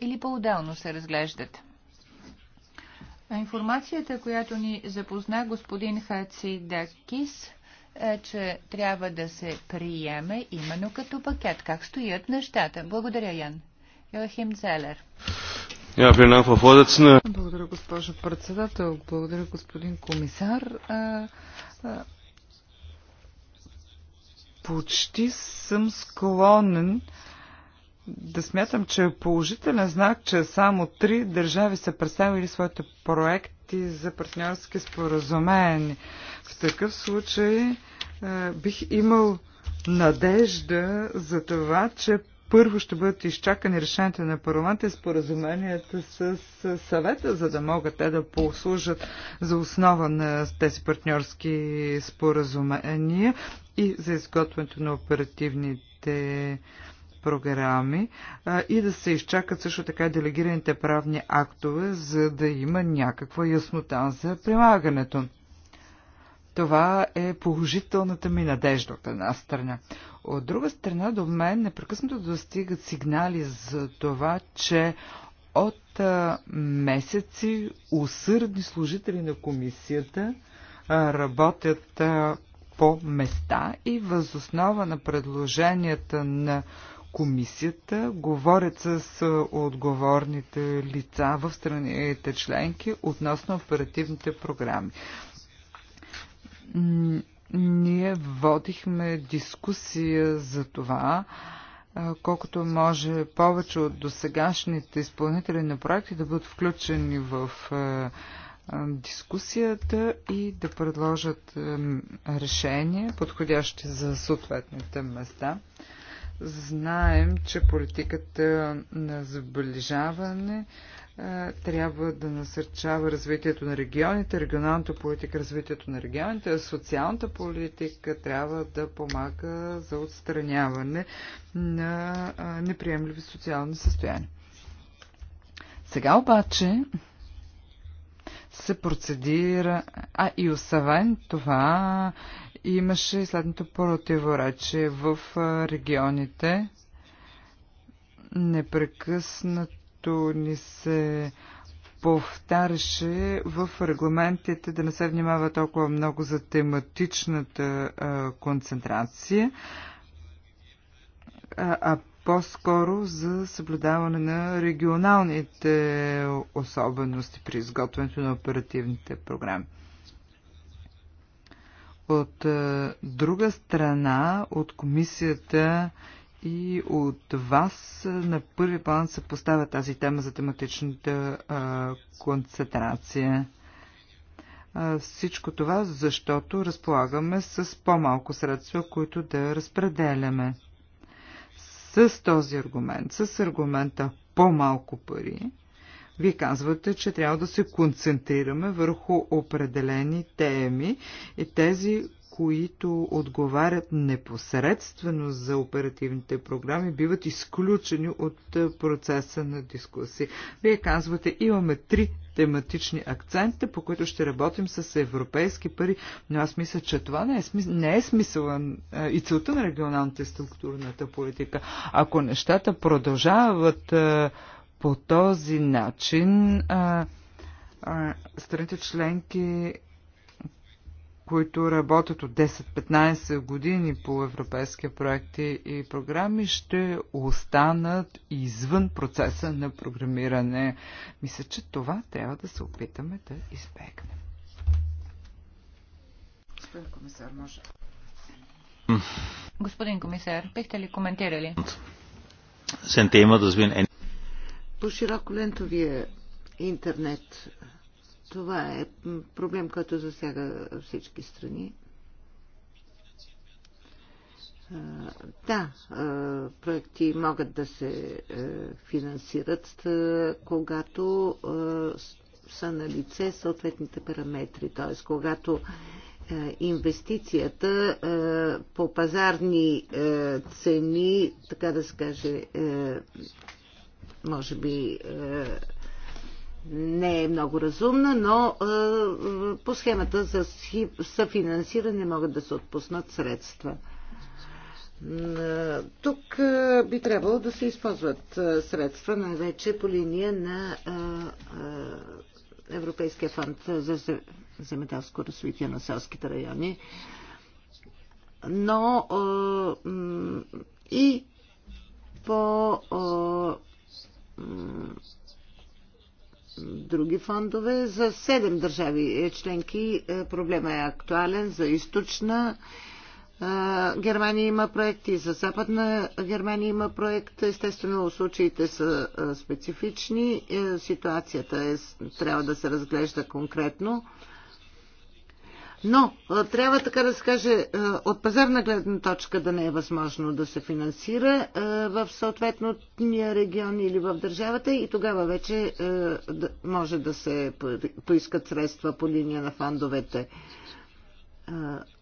или по-отделно се разглеждат? Информацията, която ни запозна господин Хацидакис, е, че трябва да се приеме именно като пакет. Как стоят нещата? Благодаря, Ян. Йохим Целер. Благодаря, госпожо председател. Благодаря, господин комисар. Почти съм склонен да смятам, че е положителен знак, че само три държави са представили своите проекти за партньорски споразумени. В такъв случай е, бих имал надежда за това, че първо ще бъдат изчакани решенията на парламента и споразуменията с съвета, за да могат те да послужат за основа на тези партньорски споразумения и за изготвянето на оперативните програми а, и да се изчакат също така делегираните правни актове, за да има някаква яснота за прилагането. Това е положителната ми надежда от една страна. От друга страна до мен непрекъснато достигат сигнали за това, че от а, месеци усърдни служители на комисията а, работят а, по места и възоснова на предложенията на комисията, говорят с отговорните лица в страните членки относно оперативните програми. Ние водихме дискусия за това, колкото може повече от досегашните изпълнители на проекти да бъдат включени в дискусията и да предложат решения, подходящи за съответните места. Знаем, че политиката на сближаване е, трябва да насърчава развитието на регионите, регионалната политика, развитието на регионите, а социалната политика трябва да помага за отстраняване на е, неприемливи социални състояния. Сега обаче се процедира, а и освен това имаше следното противоречие в регионите. Непрекъснато ни се повтаряше в регламентите да не се внимава толкова много за тематичната концентрация, а по-скоро за съблюдаване на регионалните особености при изготвянето на оперативните програми. От е, друга страна, от комисията и от вас е, на първи план се поставя тази тема за тематичната а, е, концентрация. А, всичко това, защото разполагаме с по-малко средства, които да разпределяме. С този аргумент, с аргумента по-малко пари, вие казвате, че трябва да се концентрираме върху определени теми и тези, които отговарят непосредствено за оперативните програми, биват изключени от е, процеса на дискусии. Вие казвате, имаме три тематични акцента, по които ще работим с европейски пари, но аз мисля, че това не е, смисъл, не е смисъл е, и целта на регионалната структурната политика. Ако нещата продължават е, по този начин а, а, страните членки, които работят от 10-15 години по европейски проекти и програми, ще останат извън процеса на програмиране. Мисля, че това трябва да се опитаме да избегнем. Господин комисар, може. Господин комисар, бихте ли коментирали? Sen по широколентовия интернет. Това е проблем, който засяга всички страни. Да, проекти могат да се е, финансират, когато са на лице съответните параметри, т.е. когато е, инвестицията е, по пазарни цени, така да се каже, може би е, не е много разумна, но е, по схемата за съфинансиране могат да се отпуснат средства. Е, тук би трябвало да се използват средства, най-вече по линия на Европейския фонд за земеделско развитие на селските райони. Но и по други фондове. За седем държави е, членки е, проблема е актуален. За източна е, Германия има проект и за западна Германия има проект. Естествено, случаите са специфични. Ситуацията е, трябва да се разглежда конкретно. Но трябва, така да се каже, от пазарна гледна точка да не е възможно да се финансира в съответния регион или в държавата и тогава вече може да се поискат средства по линия на фондовете.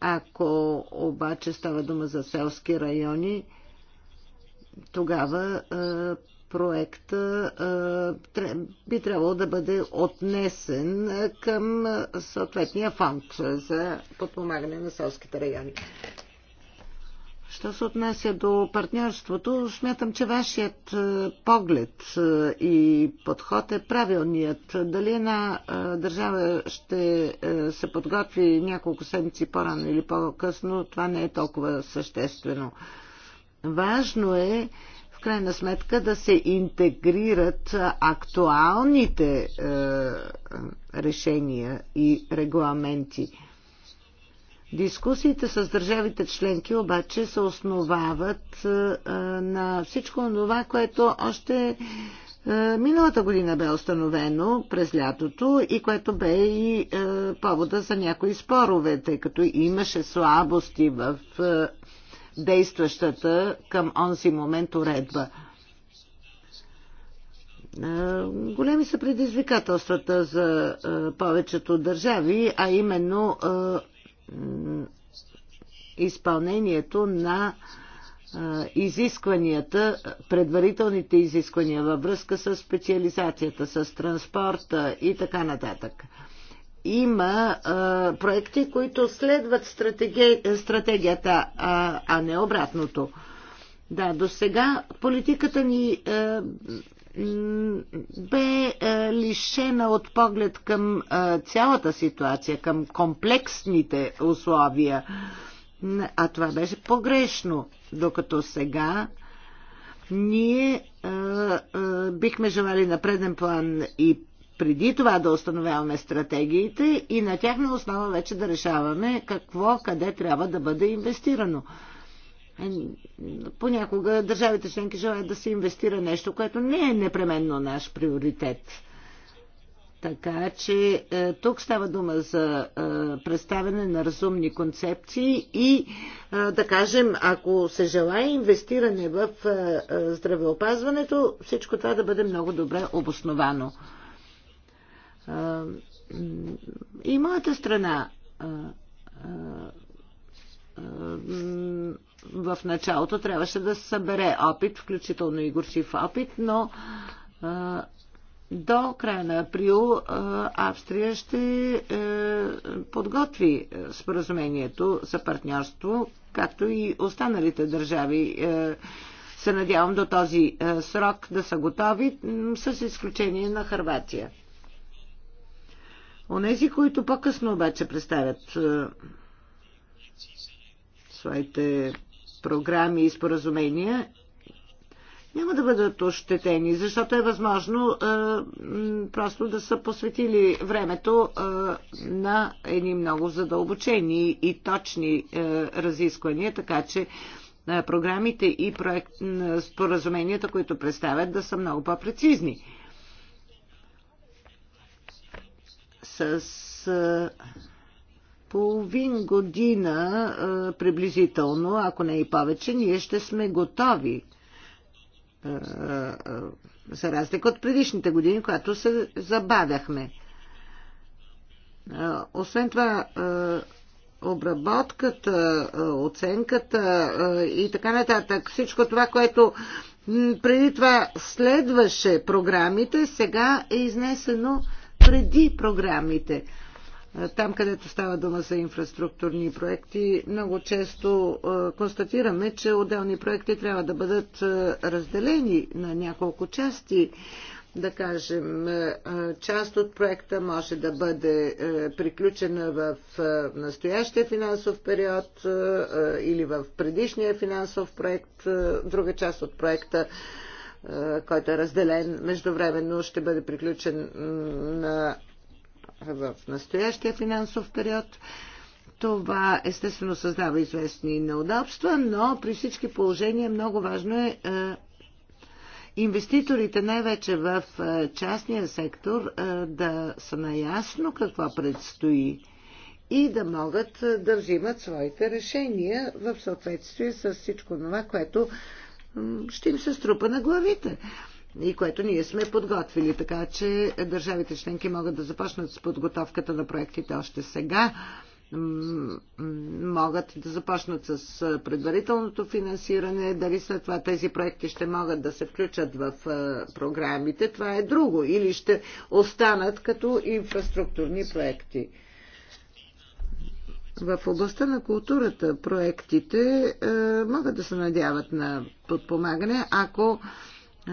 Ако обаче става дума за селски райони, тогава проекта би трябвало да бъде отнесен към съответния фонд за подпомагане на селските райони. Що се отнася до партньорството, смятам, че вашият поглед и подход е правилният. Дали една държава ще се подготви няколко седмици по-рано или по-късно, това не е толкова съществено. Важно е крайна сметка да се интегрират актуалните е, решения и регламенти. Дискусиите с държавите членки обаче се основават е, е, на всичко това, което още е, миналата година бе установено през лятото и което бе и е, повода за някои спорове, тъй като имаше слабости в. Е, действащата към онзи момент уредба. Големи са предизвикателствата за повечето държави, а именно изпълнението на изискванията, предварителните изисквания във връзка с специализацията, с транспорта и така нататък има а, проекти, които следват стратеги... стратегията, а, а не обратното. Да, до сега политиката ни а, бе а, лишена от поглед към а, цялата ситуация, към комплексните условия. А това беше погрешно, докато сега ние а, а, бихме желали на преден план и преди това да установяваме стратегиите и на тяхна основа вече да решаваме какво, къде трябва да бъде инвестирано. Понякога държавите членки желаят да се инвестира нещо, което не е непременно наш приоритет. Така че е, тук става дума за е, представяне на разумни концепции и е, да кажем, ако се желая инвестиране в здравеопазването, всичко това да бъде много добре обосновано. И моята страна в началото трябваше да събере опит, включително и горшив опит, но до края на април Австрия ще е, подготви е, споразумението за партньорство, както и останалите държави. Е, се надявам до този срок да са готови, с изключение на Харватия. Онези, които по-късно обаче представят е, своите програми и споразумения, няма да бъдат ощетени, защото е възможно е, просто да са посветили времето е, на едни много задълбочени и точни е, разисквания, така че е, програмите и проект, е, споразуменията, които представят, да са много по-прецизни. с половин година приблизително, ако не и повече, ние ще сме готови за разлика от предишните години, когато се забавяхме. Освен това, обработката, оценката и така нататък, всичко това, което преди това следваше програмите, сега е изнесено преди програмите. Е, там, където става дума за инфраструктурни проекти, много често е, констатираме, че отделни проекти трябва да бъдат е, разделени на няколко части да кажем, част от проекта може да бъде приключена в настоящия финансов период или в предишния финансов проект, друга част от проекта е, който е разделен. Междувременно ще бъде приключен на, в настоящия финансов период. Това естествено създава известни неудобства, но при всички положения много важно е, е инвеститорите, най-вече в е, частния сектор, да са наясно какво предстои и да могат да взимат своите решения в съответствие с всичко това, което ще им се струпа на главите и което ние сме подготвили, така че държавите членки могат да започнат с подготовката на проектите още сега могат да започнат с предварителното финансиране, дали след това тези проекти ще могат да се включат в програмите, това е друго, или ще останат като инфраструктурни проекти. В областта на културата проектите е, могат да се надяват на подпомагане, ако е,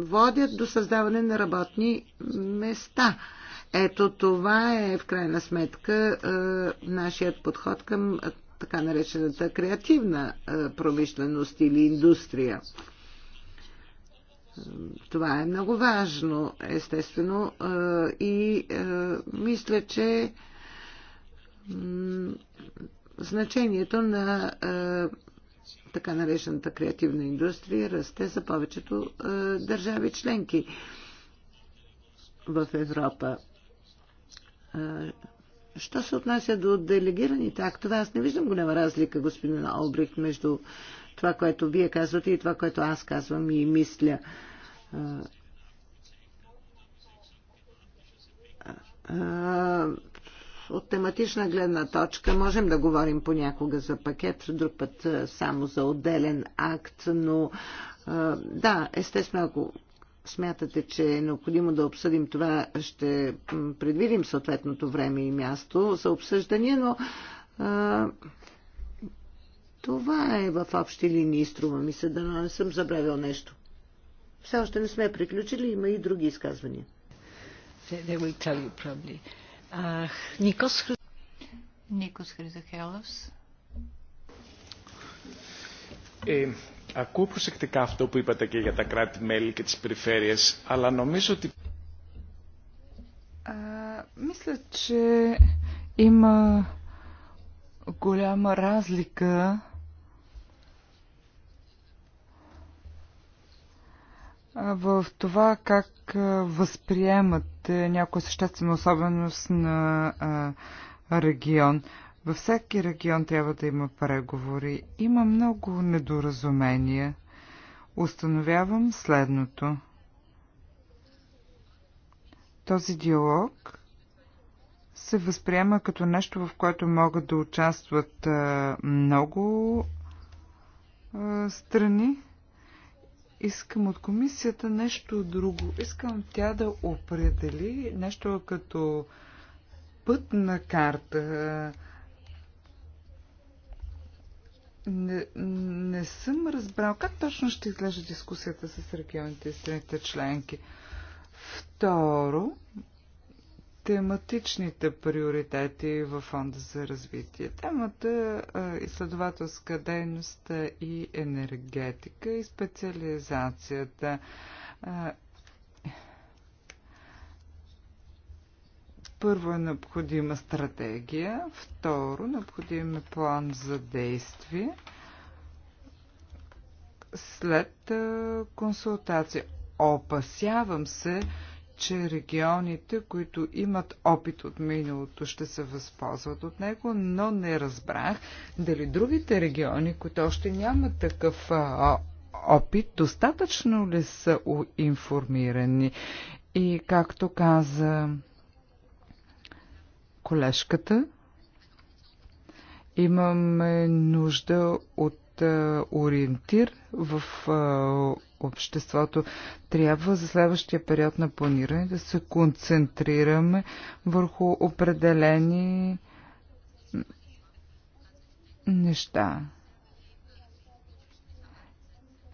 водят до създаване на работни места. Ето това е в крайна сметка е, нашият подход към така наречената креативна е, промишленост или индустрия. Това е много важно, естествено, е, и е, мисля, че значението на така наречената креативна индустрия расте за повечето държави членки в Европа. Що се отнася до делегираните актове, аз не виждам голяма разлика, господин Олбрихт, между това, което вие казвате и това, което аз казвам и мисля. А, от тематична гледна точка можем да говорим понякога за пакет, друг път само за отделен акт, но да, естествено, ако смятате, че е необходимо да обсъдим това, ще предвидим съответното време и място за обсъждане, но това е в общи линии, струва ми се, да не съм забравил нещо. Все още не сме приключили, има и други изказвания. They will tell you probably. Никос, Никос Хризахелос. Ε, ακούω προσεκτικά αυτό που είπατε και για τα κράτη-μέλη και τις περιφέρειες, αλλά νομίζω ότι... А, мисля, че има голяма разлика в това как възприемат е, някоя съществена особеност на регион. Във всеки регион трябва да има преговори. Има много недоразумения. Установявам следното. Този диалог се възприема като нещо, в което могат да участват много страни Искам от комисията нещо друго. Искам тя да определи нещо като пътна карта. Не, не съм разбрал как точно ще изглежда дискусията с регионите и страните членки. Второ, тематичните приоритети в Фонда за развитие. Темата изследователска дейност и енергетика и специализацията. Първо е необходима стратегия, второ необходим е план за действие след консултация. Опасявам се, че регионите, които имат опит от миналото, ще се възползват от него, но не разбрах дали другите региони, които още нямат такъв а, опит, достатъчно ли са информирани. И както каза колежката, имаме нужда от ориентир в обществото. Трябва за следващия период на планиране да се концентрираме върху определени неща.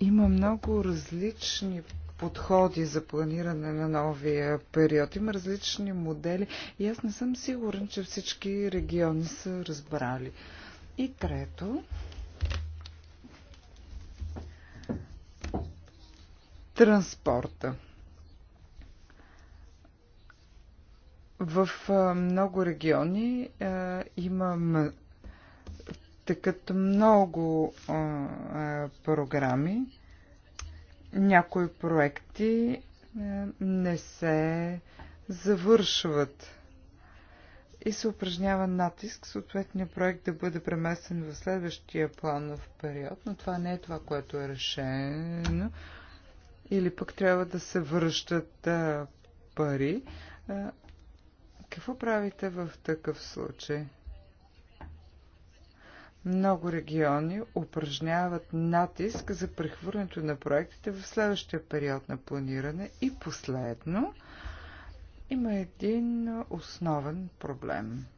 Има много различни подходи за планиране на новия период. Има различни модели и аз не съм сигурен, че всички региони са разбрали. И трето, транспорта. В много региони а, има такът много а, а, програми. Някои проекти а, не се завършват и се упражнява натиск съответния проект да бъде преместен в следващия планов период, но това не е това, което е решено или пък трябва да се връщат а, пари. А, какво правите в такъв случай? Много региони упражняват натиск за прехвърлянето на проектите в следващия период на планиране. И последно, има един основен проблем –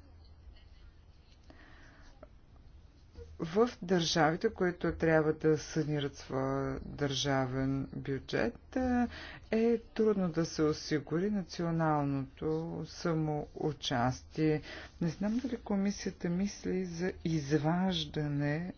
в държавите, които трябва да санират своя държавен бюджет, е трудно да се осигури националното самоучастие. Не знам дали комисията мисли за изваждане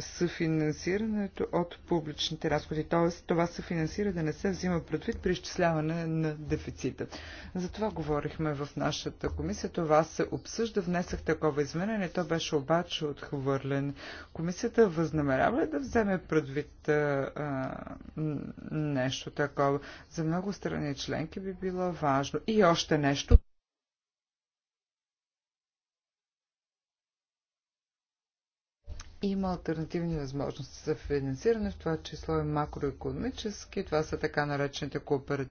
съфинансирането от публичните разходи. Т.е. това съфинансира да не се взима предвид при изчисляване на дефицита. За това говорихме в нашата комисия. Това се обсъжда. Внесах такова изменение. То беше обаче отхвърлен. Комисията възнамерява ли да вземе предвид а, нещо такова? За много страни членки би било важно. И още нещо. има альтернативни възможности за финансиране, в това число и макроекономически, това са така наречените кооперативни